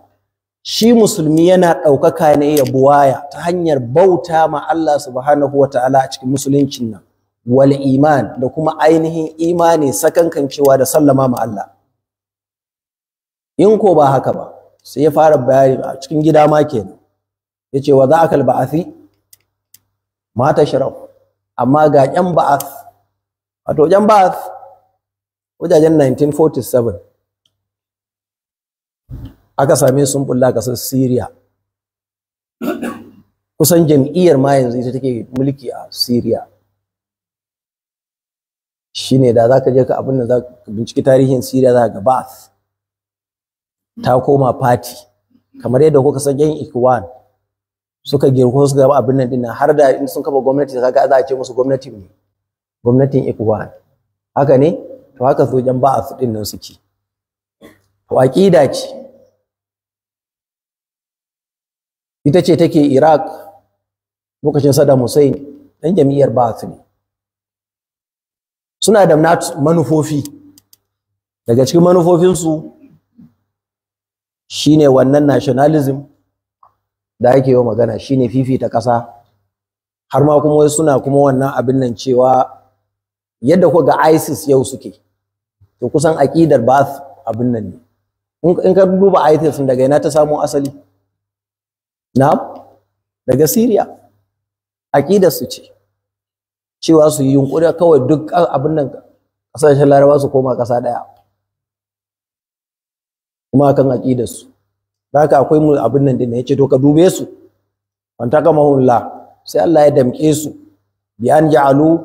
shi musulmi yana ɗaukaka ne ya buwaya ta hanyar bauta ma Allah subhanahu wa ta'ala a cikin musuluncin nan wal iman da kuma ainihin imani sakankancewa da sallama ma Allah in ko ba haka ba sai ya fara bayani a cikin gida ma kenan yace wa za ba'athi ma tashrab amma ga yan ba'ath wato yan ba'ath wajajen 1947 aka same sun bulla kasar Syria kusan jam'iyyar ma yanzu ita take mulki a Syria shine da zaka je ka abin da zaka binciki tarihin Syria za ga Ba'ath ta koma party kamar yadda kuka san yan Ikwan suka girko su gaba abin nan dinnan har da in sun kafa gwamnati kaga za a ce musu gwamnati ne gwamnatin Ikwan haka ne to haka jan Ba'ath din nan suke to aqida ce ita ce take Iraq lokacin Saddam Hussein dan jami'ar Ba'ath ne suna da manufofi daga cikin manufofinsu shine wannan nationalism da ake yi magana shine fifita ƙasa har ma kuma suna kuma wannan abin nan cewa yadda ku ga ISIS yau suke to kusan aƙidar Ba'ath abin nan ne in ka duba ISIS daga ina ta samu asali na daga Syria aƙidar su ce cewa su yi yunkuri kawai duk abin nan kasashen laraba su koma kasa daya kuma kan aqidar su haka akwai mu abin nan ya ce to ka dube su an taka mahulla sai Allah ya damke su bi an ja'alu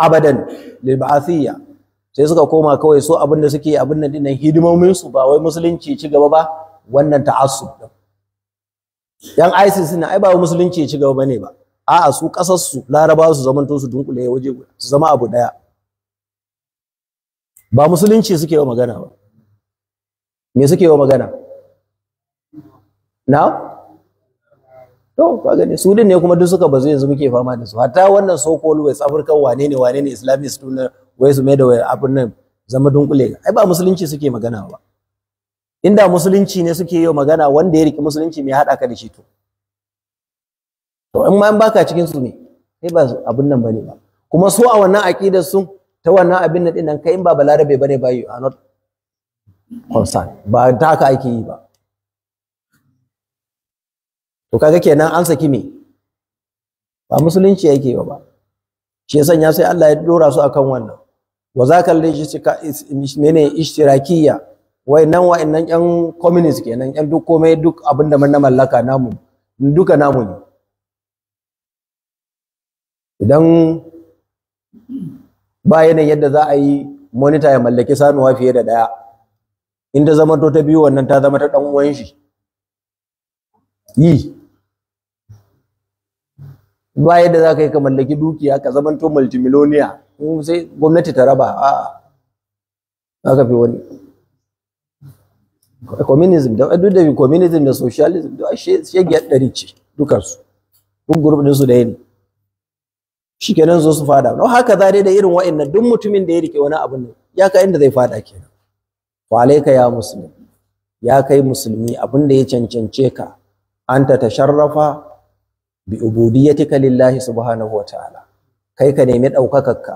abadan lil ba'athiyya sai suka koma kawai so abin da suke abin nan din hidimomin su ba wai musulunci ci gaba ba wannan ta'assub din yan ISIS ne ai ba musulunci ci gaba bane ba a'a su kasar su laraba su zaman to su dunkule waje su zama abu daya ba musulunci suke wa magana ba me suke wa magana na to ka gane su din ne kuma duk suka bazu yanzu muke fama da su hatta wannan so called West African wane ne wane ne Islamist na wai su mai da wai abin nan zama dunkule ai ba musulunci suke magana ba inda musulunci ne suke yi magana wanda ya riki musulunci mai haɗa ka da shi to to in ma baka cikin su ne kai ba abun nan bane ba kuma su a wannan aqidar su ta wannan abin nan nan kai in ba balarabe bane ba you are not concerned ba ta ka ake yi ba to kaga kenan an saki me ba musulunci yake ba shi ya sanya sai Allah ya dora su akan wannan wa zakal mene ishtirakiyya wa'annan wa'annan yan communist kenan yan duk komai duk abinda mun na mallaka namu duka namu ne idan ba yanayin yadda za a yi monita ya mallaki sanuwa fiye da ɗaya inda zamanto zama to ta biyu wannan ta zama ta ɗan uwan shi yi ba yadda za ka yi ka mallaki dukiya ka zama to sai gwamnati ta raba a ka fi wani communism da duk da communism da socialism da shegiyar ɗari ce dukansu duk gurbin su da ne shikenan zo su fada no haka za dai da irin wa'annan duk mutumin da ya rike wani abu nan ya ka inda zai fada kenan wa alayka ya muslim ya kai musulmi abin da ya cancance ka anta tasharrafa bi ubudiyyatika lillahi subhanahu wa ta'ala kai ka nemi daukakarka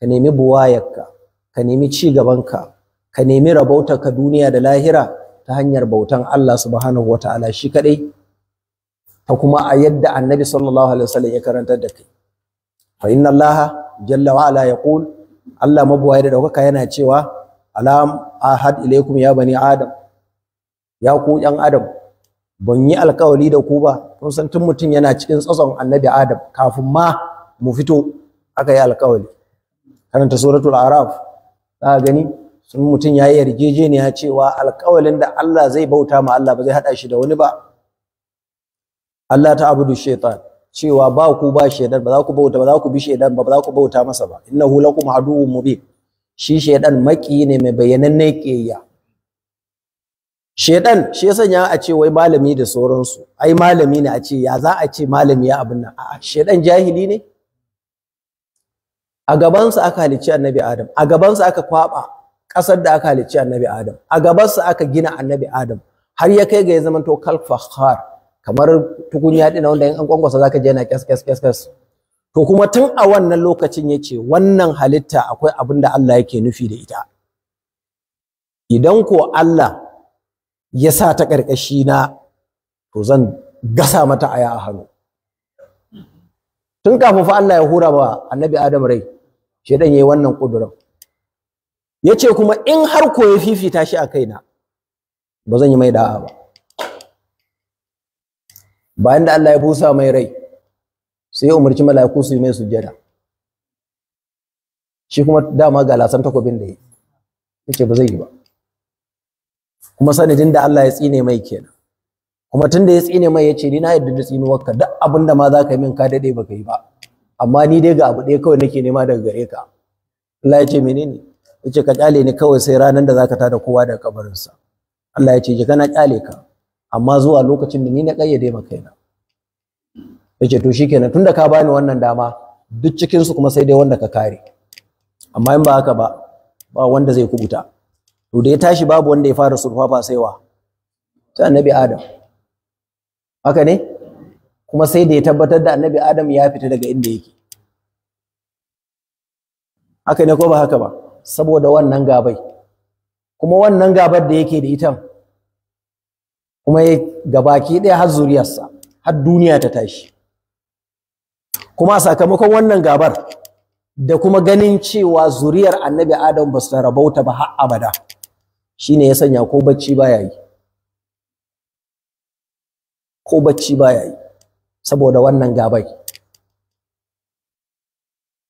ka nemi buwayarka ka nemi ci gabanka ka nemi rabautarka duniya da lahira ta hanyar bautan Allah subhanahu wa ta'ala shi kadai ta kuma a yadda annabi sallallahu alaihi wasallam ya karantar da kai fa inna allaha jalla wa ala yaqul Allah mabuwaye da daukaka yana cewa alam ahad ilaikum ya bani adam ya ku yan adam ban yi alkawari da ku ba kun san tun mutum yana cikin tsatson annabi adam kafin ma mu fito aka yi alkawari karanta suratul araf za gani sun mutum ya yi yarjejeniya cewa alkawalin da Allah zai bauta ma Allah ba zai hada shi da wani ba Allah ta abudu shaitan cewa ba ku ba shedan ba za ku bauta ba za ku bi shaidan ba ba za ku bauta masa ba innahu lakum aduwwun mubin shi shedan maki ne mai bayyanannen kiyayya shedan shi ya sanya a ce wai malami da sauransu ai malami ne a ce ya za a ce malami ya abin nan a'a shedan jahili ne a gabansa aka halicci annabi adam a gabansa aka kwaba ƙasar da aka halicci annabi adam a gabansa aka gina annabi adam har ya kai ga ya zama to kalfahar kamar tukunya din wanda in an kwangwasa zaka je yana kes kes kes kes to kuma tun a wannan lokacin yace wannan halitta akwai abin da Allah yake nufi da ita idan ko Allah ya sa ta karkashi na to zan gasa mata aya a hannu tun kafin fa Allah ya hura ba annabi Adam rai dan yayi wannan kudurin yace kuma in har ko ya fifita shi a kaina ba zan yi mai da'a ba bayan da Allah ya busa mai rai sai ya umarci mala'iku su yi mai sujada. shi kuma dama ga lasan takobin da yi ce ba zai yi ba kuma sanadin da Allah ya tsine mai kenan kuma tun da ya tsine mai yace ni na yarda da tsinuwarka duk abin da ma za ka yi min ka dade baka yi ba amma ni dai ga abu ɗaya kawai nake nema daga gare ka Allah ya ce menene yace ka kyale ni kawai sai ranar da zaka tada kowa daga kabarinsa Allah ya ce ji kana kyale ka amma zuwa lokacin da ni na kayyade maka kaina yace to shikenan tunda ka bani wannan dama duk cikin su kuma sai dai wanda ka kare amma in ba haka ba ba wanda zai kubuta to da ya tashi babu wanda ya fara surfafa saiwa sai annabi adam haka ne kuma sai da ya tabbatar da annabi adam ya fita daga inda yake haka ne ko ba haka ba saboda wannan gabai kuma wannan gabar da yake da ita kuma ya gabaki ɗaya har zuriyarsa har duniya ta tashi kuma sakamakon wannan gabar da kuma ganin cewa zuriyar annabi adam ba su rabauta ba har abada shine ya sanya ko bacci baya yi ko bacci baya yi saboda wannan gabai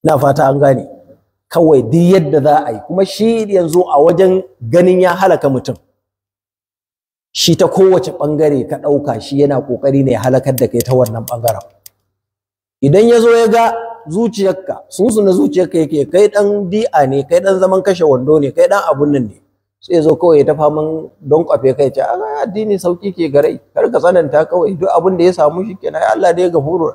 na fata an gane kawai duk yadda za a yi kuma shi yanzu a wajen ganin ya halaka mutum shi ta kowace ɓangare ka ɗauka shi yana ƙoƙari ne halakar da kai ta wannan ɓangaren idan ya zo ya ga zuciyarka sunsu na zuciyarka yake kai ɗan di'a ne kai ɗan zaman kashe wando ne kai ɗan abun nan ne sai ya zo kawai ya ta faman don kwafe kai ce a addini sauki ke garai kar ka tsananta kawai duk abin da ya samu shi kenan Allah da ya gafuru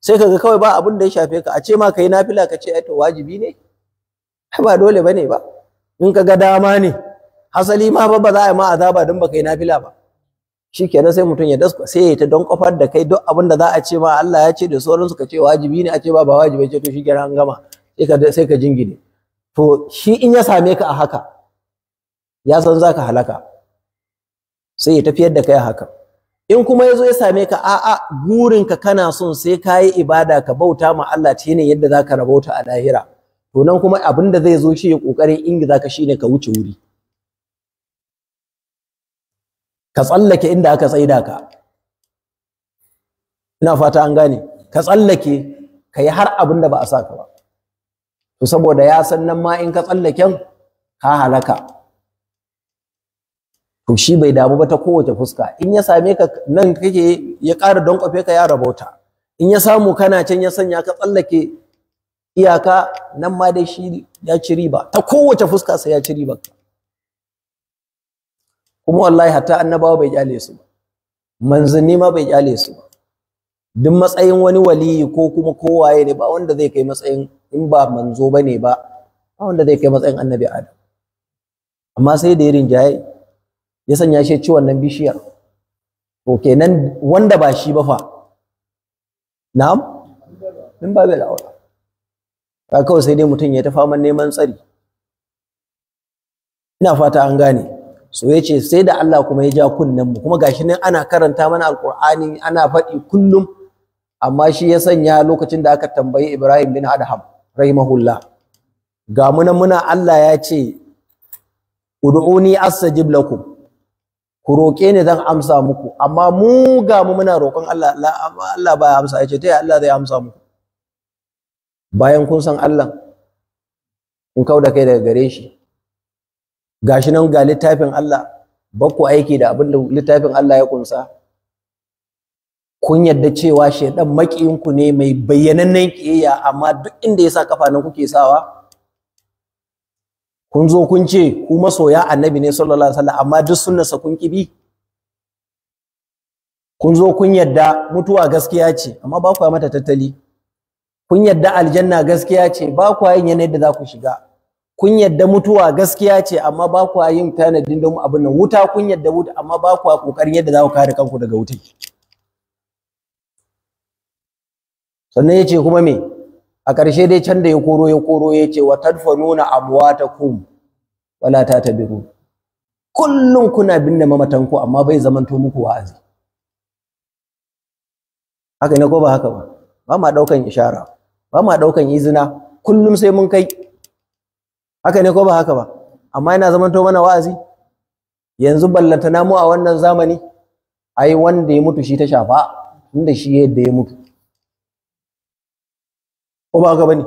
sai kaga kawai ba abin da ya shafe ka a ce ma kai nafila ka ce ai to wajibi ne ba dole bane ba in ka ga dama ne hasali ma ba ba za a ma azaba don baka yi nafila ba Shi kenan sai mutum ya dasko sai ya ta don kofar da kai duk abin da za a ce ma Allah ya ce da sauran suka ce wajibi ne a ce ba ba wajibi ce to shi shikenan an gama sai ka jingine to shi in ya same ka a haka ya san za ka halaka sai ya tafiyar da kai a haka in kuma ya zo ya same ka a'a burinka kana son sai ka yi ibada ka bauta ma Allah ta ne yadda za ka rabauta a lahira to nan kuma abin da zai zo shi ya ƙoƙarin ingiza ka shine ka wuce wuri ka tsallake inda aka tsaida ka ina fata an gane ka tsallake ka yi har abin da ba a sa ka ba to saboda ya san nan ma in ka tsallaken ka halaka to shi bai damu ba ta kowace fuska in ya same ka nan kake ya ƙara don kwafe ka ya rabauta in ya samu kana can ya sanya ka tsallake iyaka nan ma dai shi ya ci riba ta kowace fuska sai ya ci kuma wallahi hatta annabawa bai kyale su ba manzanni ma bai kyale su ba duk matsayin wani waliyi ko kuma kowaye ne ba wanda zai kai matsayin in ba manzo bane ba ba wanda zai kai matsayin annabi adam amma sai da irin jaye ya sanya shi ci wannan bishiyar to kenan wanda ba shi ba fa na'am ba bai al'aura ka kawai sai dai mutum ya ta faman neman tsari ina fata an gane so yace sai da Allah kuma ya ja kunnen mu kuma gashi nan ana karanta mana alqur'ani ana faɗi kullum amma shi ya sanya lokacin da aka tambayi Ibrahim bin Adham rahimahullah ga munan muna Allah ya ce ud'uni astajib lakum ku roƙe ni zan amsa muku amma mu ga mu muna roƙon Allah Allah baya amsa yace ta Allah zai amsa muku bayan kun san Allah kun kauda kai daga gare shi gashi nan ga littafin Allah ba aiki da abin da littafin Allah ya kunsa kun yadda cewa shaidan makiyinku ne mai bayyanannen kiyayya amma duk inda yasa sa kafa nan kuke sawa kun zo kun ce ku masoya annabi ne sallallahu alaihi wasallam amma duk sunnarsa kun kibi kun zo kun yadda mutuwa gaskiya ce amma ba ku mata tattali kun yadda aljanna gaskiya ce ba ku yin yanayin da za ku shiga kun yadda mutuwa gaskiya ce amma ba ku yin tanadin don abin nan wuta kun yadda wuta amma ba ku kokarin yadda za ku kare kanku daga wutan sannan yace kuma me a ƙarshe dai can da ya koro ya koro yace wa tadfanuna amwatakum wala tatabiru kullum kuna binne mamatanku amma bai zamanto muku wa'azi haka ne ko ba haka ba ba ma daukan ishara ba ma daukan izina kullum sai mun kai haka ne ko ba haka ba amma yana zamanto mana wa'azi yanzu ballanta namu a wannan zamani ai wanda ya mutu shi ta shafa inda shi yadda ya mutu ko ba haka bane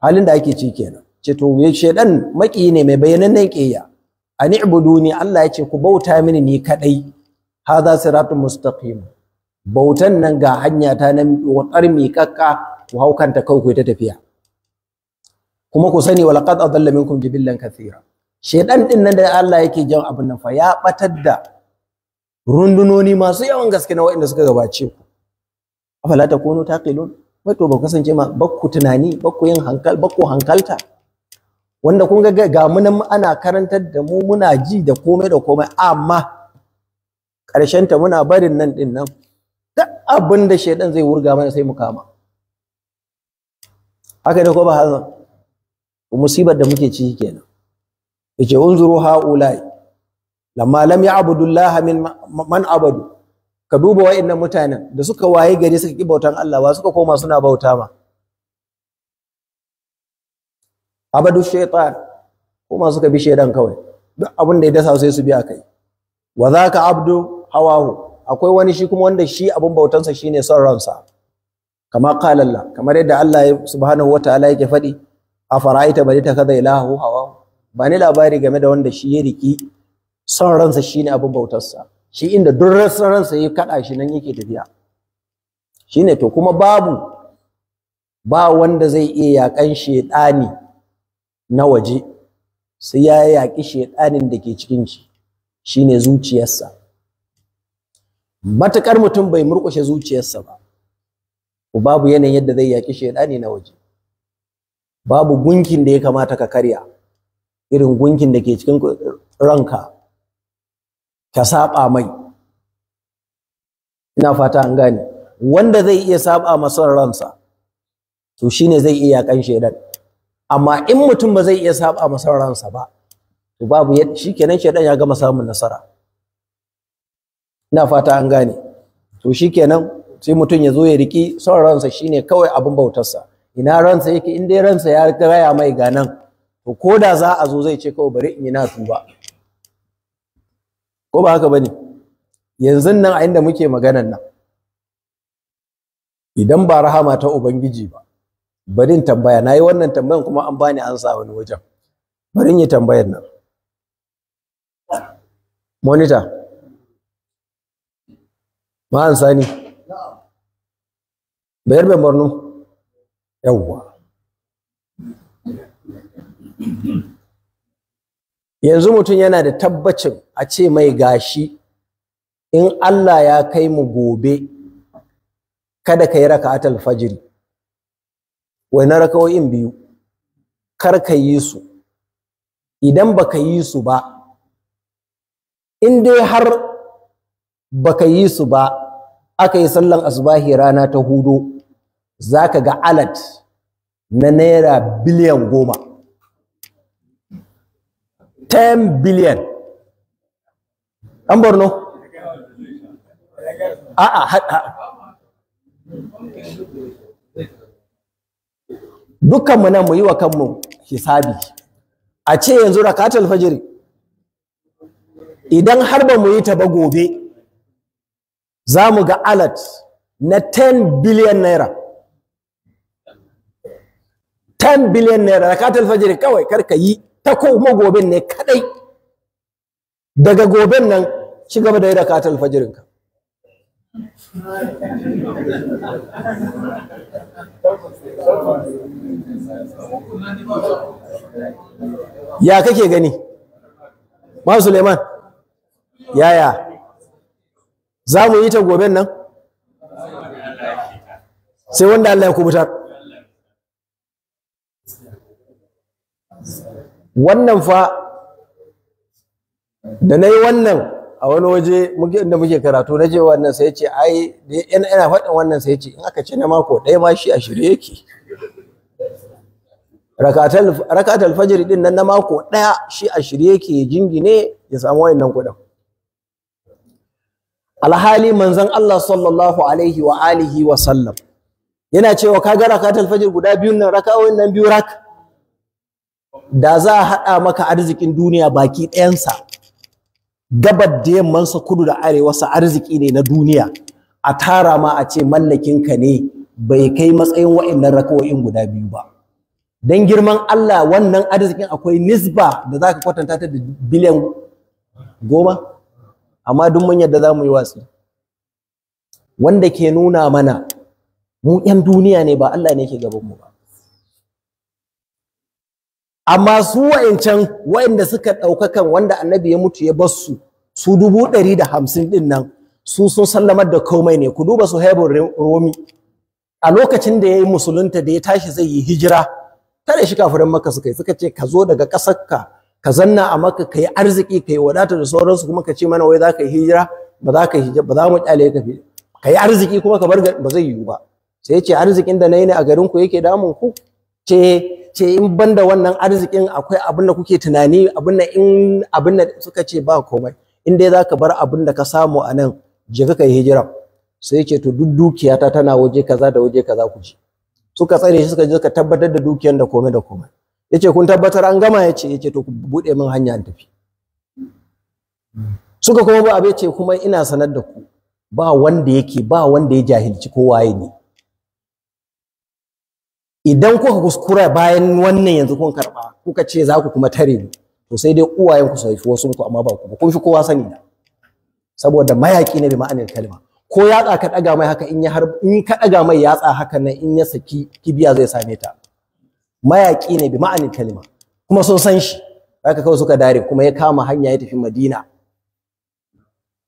halin da ake ci kenan ce to shedan maki ne mai bayanan bayyanannen kiyya an ibuduni Allah ya ce ku bauta mini ni kadai hadha siratul mustaqim bautan nan ga hanya ta nan wa qarmi kakka ku haukanta kai ku ta tafiya kuma ku sani laqad adalla minkum jibillan kathira shedan din nan da Allah yake jan abin nan fa ya batar da rundunoni masu yawan gaske na waɗanda suka gabace ku afala takunu taqilun to ba ku kasance ma ku tunani ku yin hankal ku hankalta wanda kun ga ga mu nan ana karantar da mu muna ji da komai da komai amma karshen ta muna barin nan din nan duk abin shedan zai wurga mana sai mu kama haka ne ko ba hazan musibar da muke ciki kenan yace unzuru haulai lamma lam ya'budu min man abadu ka duba wa'annan mutanen da suka waye gari suka ki bautan Allah ba suka koma suna bauta ma abadu shaytan kuma suka bi shaydan kawai duk abin da ya dasa sai su bi akai wa zaka abdu hawahu akwai wani shi kuma wanda shi abin bautansa shine son ransa kama qala Allah kamar yadda Allah subhanahu wataala yake faɗi A fara'ita bari ta kaza hau hawa ba ni labari game da wanda shi ya riki son ransa shine abin bautarsa shi inda duk son ransa ya kada shi nan yake tafiya shine to kuma babu ba wanda zai iya yakan shedani na waje sai ya yaki shedanin da ke cikin shi shine zuciyarsa matakar mutum bai murƙushe zuciyarsa ba babu yanayin yadda zai yaki shedani na waje babu gunkin da ya kamata ka karya irin gunkin da ke cikin ranka ka saba mai ina fata an gane wanda zai iya saba masa ransa to shine zai iya kan shedan amma in mutum ba zai iya saba masa ransa ba to babu shikenan shedan ya gama samun nasara ina fata an gane to shikenan sai mutum ya zo ya riki son ransa shine kawai abin bautarsa ina ransa yake in dai ransa ya gaya mai ga nan to ko da za a zo zai ce kawai bari in yi na tuba ko ba haka bane yanzu nan a inda muke maganan nan idan ba rahama ta ubangiji ba bari in tambaya na yi wannan tambayan kuma an bani an sa wani wajen bari in yi tambayar nan monitor an sani bayar bai borno yawwa yanzu mutum yana da tabbacin a ce mai gashi in Allah ya kai mu gobe kada ka yi raka'atul fajiri wai na raka'o'in biyu kar ka yi su idan ba ka yi su ba in dai har ka yi su ba aka yi sallan asbahi rana ta hudu za ka ga alat na naira biliyan goma 10 biliyan an borno a'a dukkanmu nan mu yi wa kanmu hisabi a ce yanzu rakatul fajiri idan har ba mu yi ta ba gobe za mu ga alat na 10 biliyan naira 10 billion naira zakatul fajr kawai kar ka yi ta kuma goben ne kadai daga goben nan ci gaba da yi fajirin ka ya kake gani ma suleiman yaya za mu yi ta goben nan sai wanda allah ya kubutar wannan fa da na yi wannan a wani waje inda muke karatu na ce wannan sai ce ai yana faɗin wannan sai ce in aka ce na mako ɗaya ma shi a shirye yake rakat alfajiri din nan na mako ɗaya shi a shirye yake jingine ya samu wayannan kuɗin alhali manzon Allah sallallahu alaihi wa alihi wa sallam yana cewa kaga rakat alfajir guda biyun nan raka'o'in nan biyu raka? da za a haɗa maka arzikin duniya baki ɗayansa gabar da yamman yammansa kudu da arewarsa arziki ne na duniya a tara ma a ce mallakinka ne bai kai matsayin wa'annan rakawo'in guda biyu ba don girman Allah wannan arzikin akwai nisba da za ka kwatanta ta da biliyan goma amma duk mun yadda za mu yi watsi wanda ke nuna mana mu 'yan duniya ne ba Allah ne ke gaban mu ba amma su wa'incan wa'inda suka ɗaukakan wanda annabi ya mutu ya bar su su dubu ɗari da hamsin ɗin nan su sun sallamar da komai ne ku duba su romi a lokacin da ya yi musulunta da ya tashi zai yi hijira kada shi kafirin maka suka yi suka ce ka zo daga ƙasarka ka zanna a maka ka yi arziki ka yi wadata da sauransu kuma ka ce mana wai za ka yi hijira ba za ka yi hijira ba za mu ƙyale ka fi ka yi arziki kuma ka bar ba zai yiwu ba sai ya ce arzikin da na yi ne a garinku yake damun ku ce ce in banda wannan arzikin akwai abin da kuke tunani abin da in abin da suka ce ba komai in dai zaka bar abin da ka samu a nan je ka yi hijira sai ce to duk dukiyata tana waje kaza da waje kaza ku ji suka tsare shi suka je suka tabbatar da dukiyar da komai da komai yace kun tabbatar an gama yace yace to ku bude min hanya an tafi suka kuma ba abe ce kuma ina sanar da ku ba wanda yake ba wanda ya jahilci ko waye ne idan kuka kuskura bayan wannan yanzu kun karba kuka ce za ku kuma tare ni to sai dai uwayen ku sai wasu ku amma ba ku ba kun fi kowa sani da saboda mayaki ne bi ma'anar kalma ko yatsa ka daga mai haka in ya har in ka daga mai yatsa haka nan in ya saki kibiya zai same ta mayaki ne bi ma'anar kalma kuma sun san shi haka kawai suka dare kuma ya kama hanya ya tafi Madina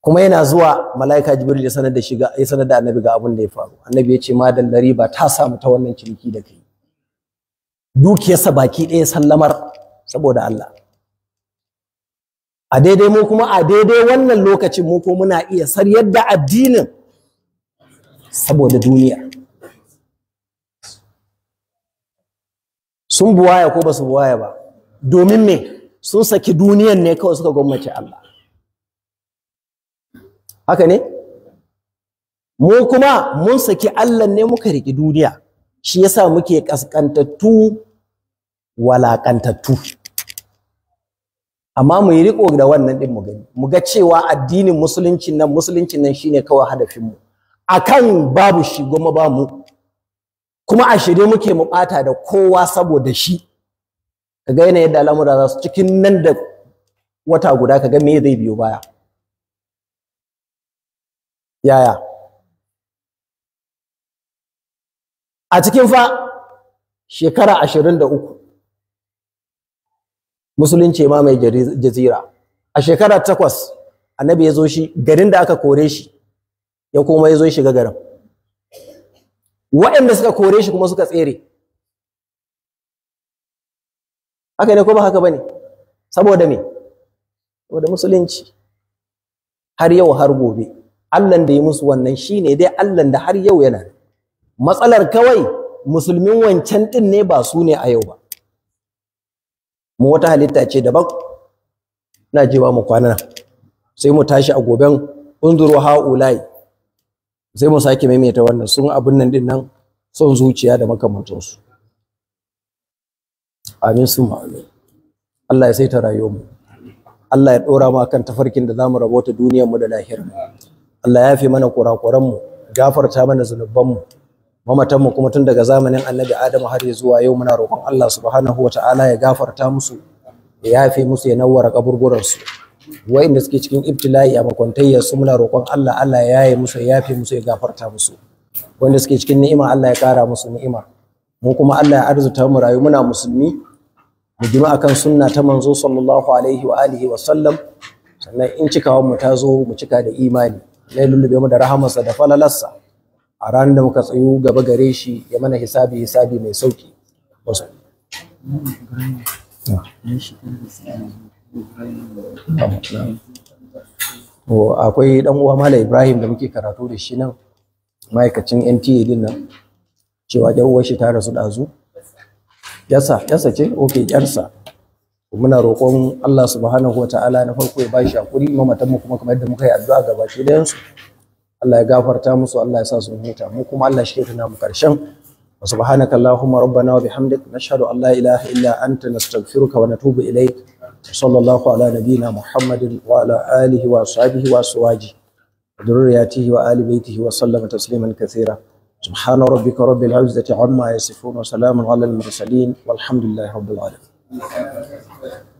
kuma yana zuwa malaika jibril ya sanar da shi ya sanar da annabi ga abin da ya faru annabi ya ce ma dan ba ta samu ta wannan ciniki da kai dukiyarsa baki ɗaya sallamar saboda Allah a daidai mu kuma a daidai wannan lokacin mu ko muna iya sar yadda addinin saboda duniya sun buwaya ko ba su buwaya ba domin me sun saki duniyan ne kawai suka gwammace Allah haka ne mu kuma mun saki Allah ne muka riki duniya shi yasa muke kaskantattu walakantattu amma mu yi riko da wannan din mu gani mu ga cewa addinin musulunci nan musulunci nan shine kawai hadafin mu akan babu shi goma ba mu kuma a shirye muke mu bata da kowa saboda shi kaga yana yadda al'amura za su cikin nan da wata guda kaga me zai biyo baya yaya a cikin fa shekara ashirin da uku musulunci ma mai jazira a shekara takwas annabi ya zo shi garin da aka kore shi ya kuma ya zo shiga garin waɗanda suka kore shi kuma suka tsere haka ne ko ba haka ba ne saboda me saboda musulunci har yau har gobe allan da ya musu wannan shine dai allan da har yau yana matsalar kawai musulmin wancan din ne ba su ne a yau ba mu wata halitta ce daban na jewa mu kwana sai mu tashi a goben unzuru haulai sai mu sake maimaita wannan sun abin nan din nan son zuciya da su amin su amin Allah ya saita rayuwarmu Allah ya ɗora mu akan tafarkin da zamu rabota duniyarmu da lahirarmu Allah ya fi mana kurakuran kurakuranmu gafarta mana zanubanmu mamatanmu kuma tun daga zamanin annabi adamu har zuwa yau muna roƙon Allah subhanahu ta'ala ya gafarta musu ya yafe musu ya nawwara kaburburansu wa'inda suke cikin ibtila'i a makwantayya su muna roƙon Allah Allah ya yaye musu ya yafe musu ya gafarta musu wanda suke cikin ni'ima Allah ya kara musu ni'ima mu kuma Allah ya arzuta mu rayu muna musulmi mu gima akan sunna ta manzo sallallahu alaihi wa alihi wa sallam sannan in cikawar mu ta zo mu cika da imani lailul lullube mu da rahamarsa da falalarsa a ranar da muka tsayu gaba gare shi ya mana hisabi hisabi mai sauki akwai dan uwa mala ibrahim da muke karatu da shi nan ma'aikacin nta din nan cewa yan uwar shi ta rasu dazu yasa yasa ce ok yarsa muna roƙon Allah subhanahu wa ta'ala na farko ya bashi hakuri mamatan mu kuma kamar yadda muka yi addu'a gaba da yansu Allah ya gafarta musu Allah ya sa su huta mu kuma Allah shi ke mu karshen wa subhanaka allahumma rabbana wa bihamdik nashhadu an la ilaha illa anta nastaghfiruka wa natubu ilaik sallallahu ala nabiyyina muhammadin wa ala alihi wa ashabihi wa aswaji wa dhurriyyatihi wa ali baitihi wa sallama tasliman katsira سبحان ربك رب العزة عما يصفون وسلام على المرسلين والحمد لله رب العالمين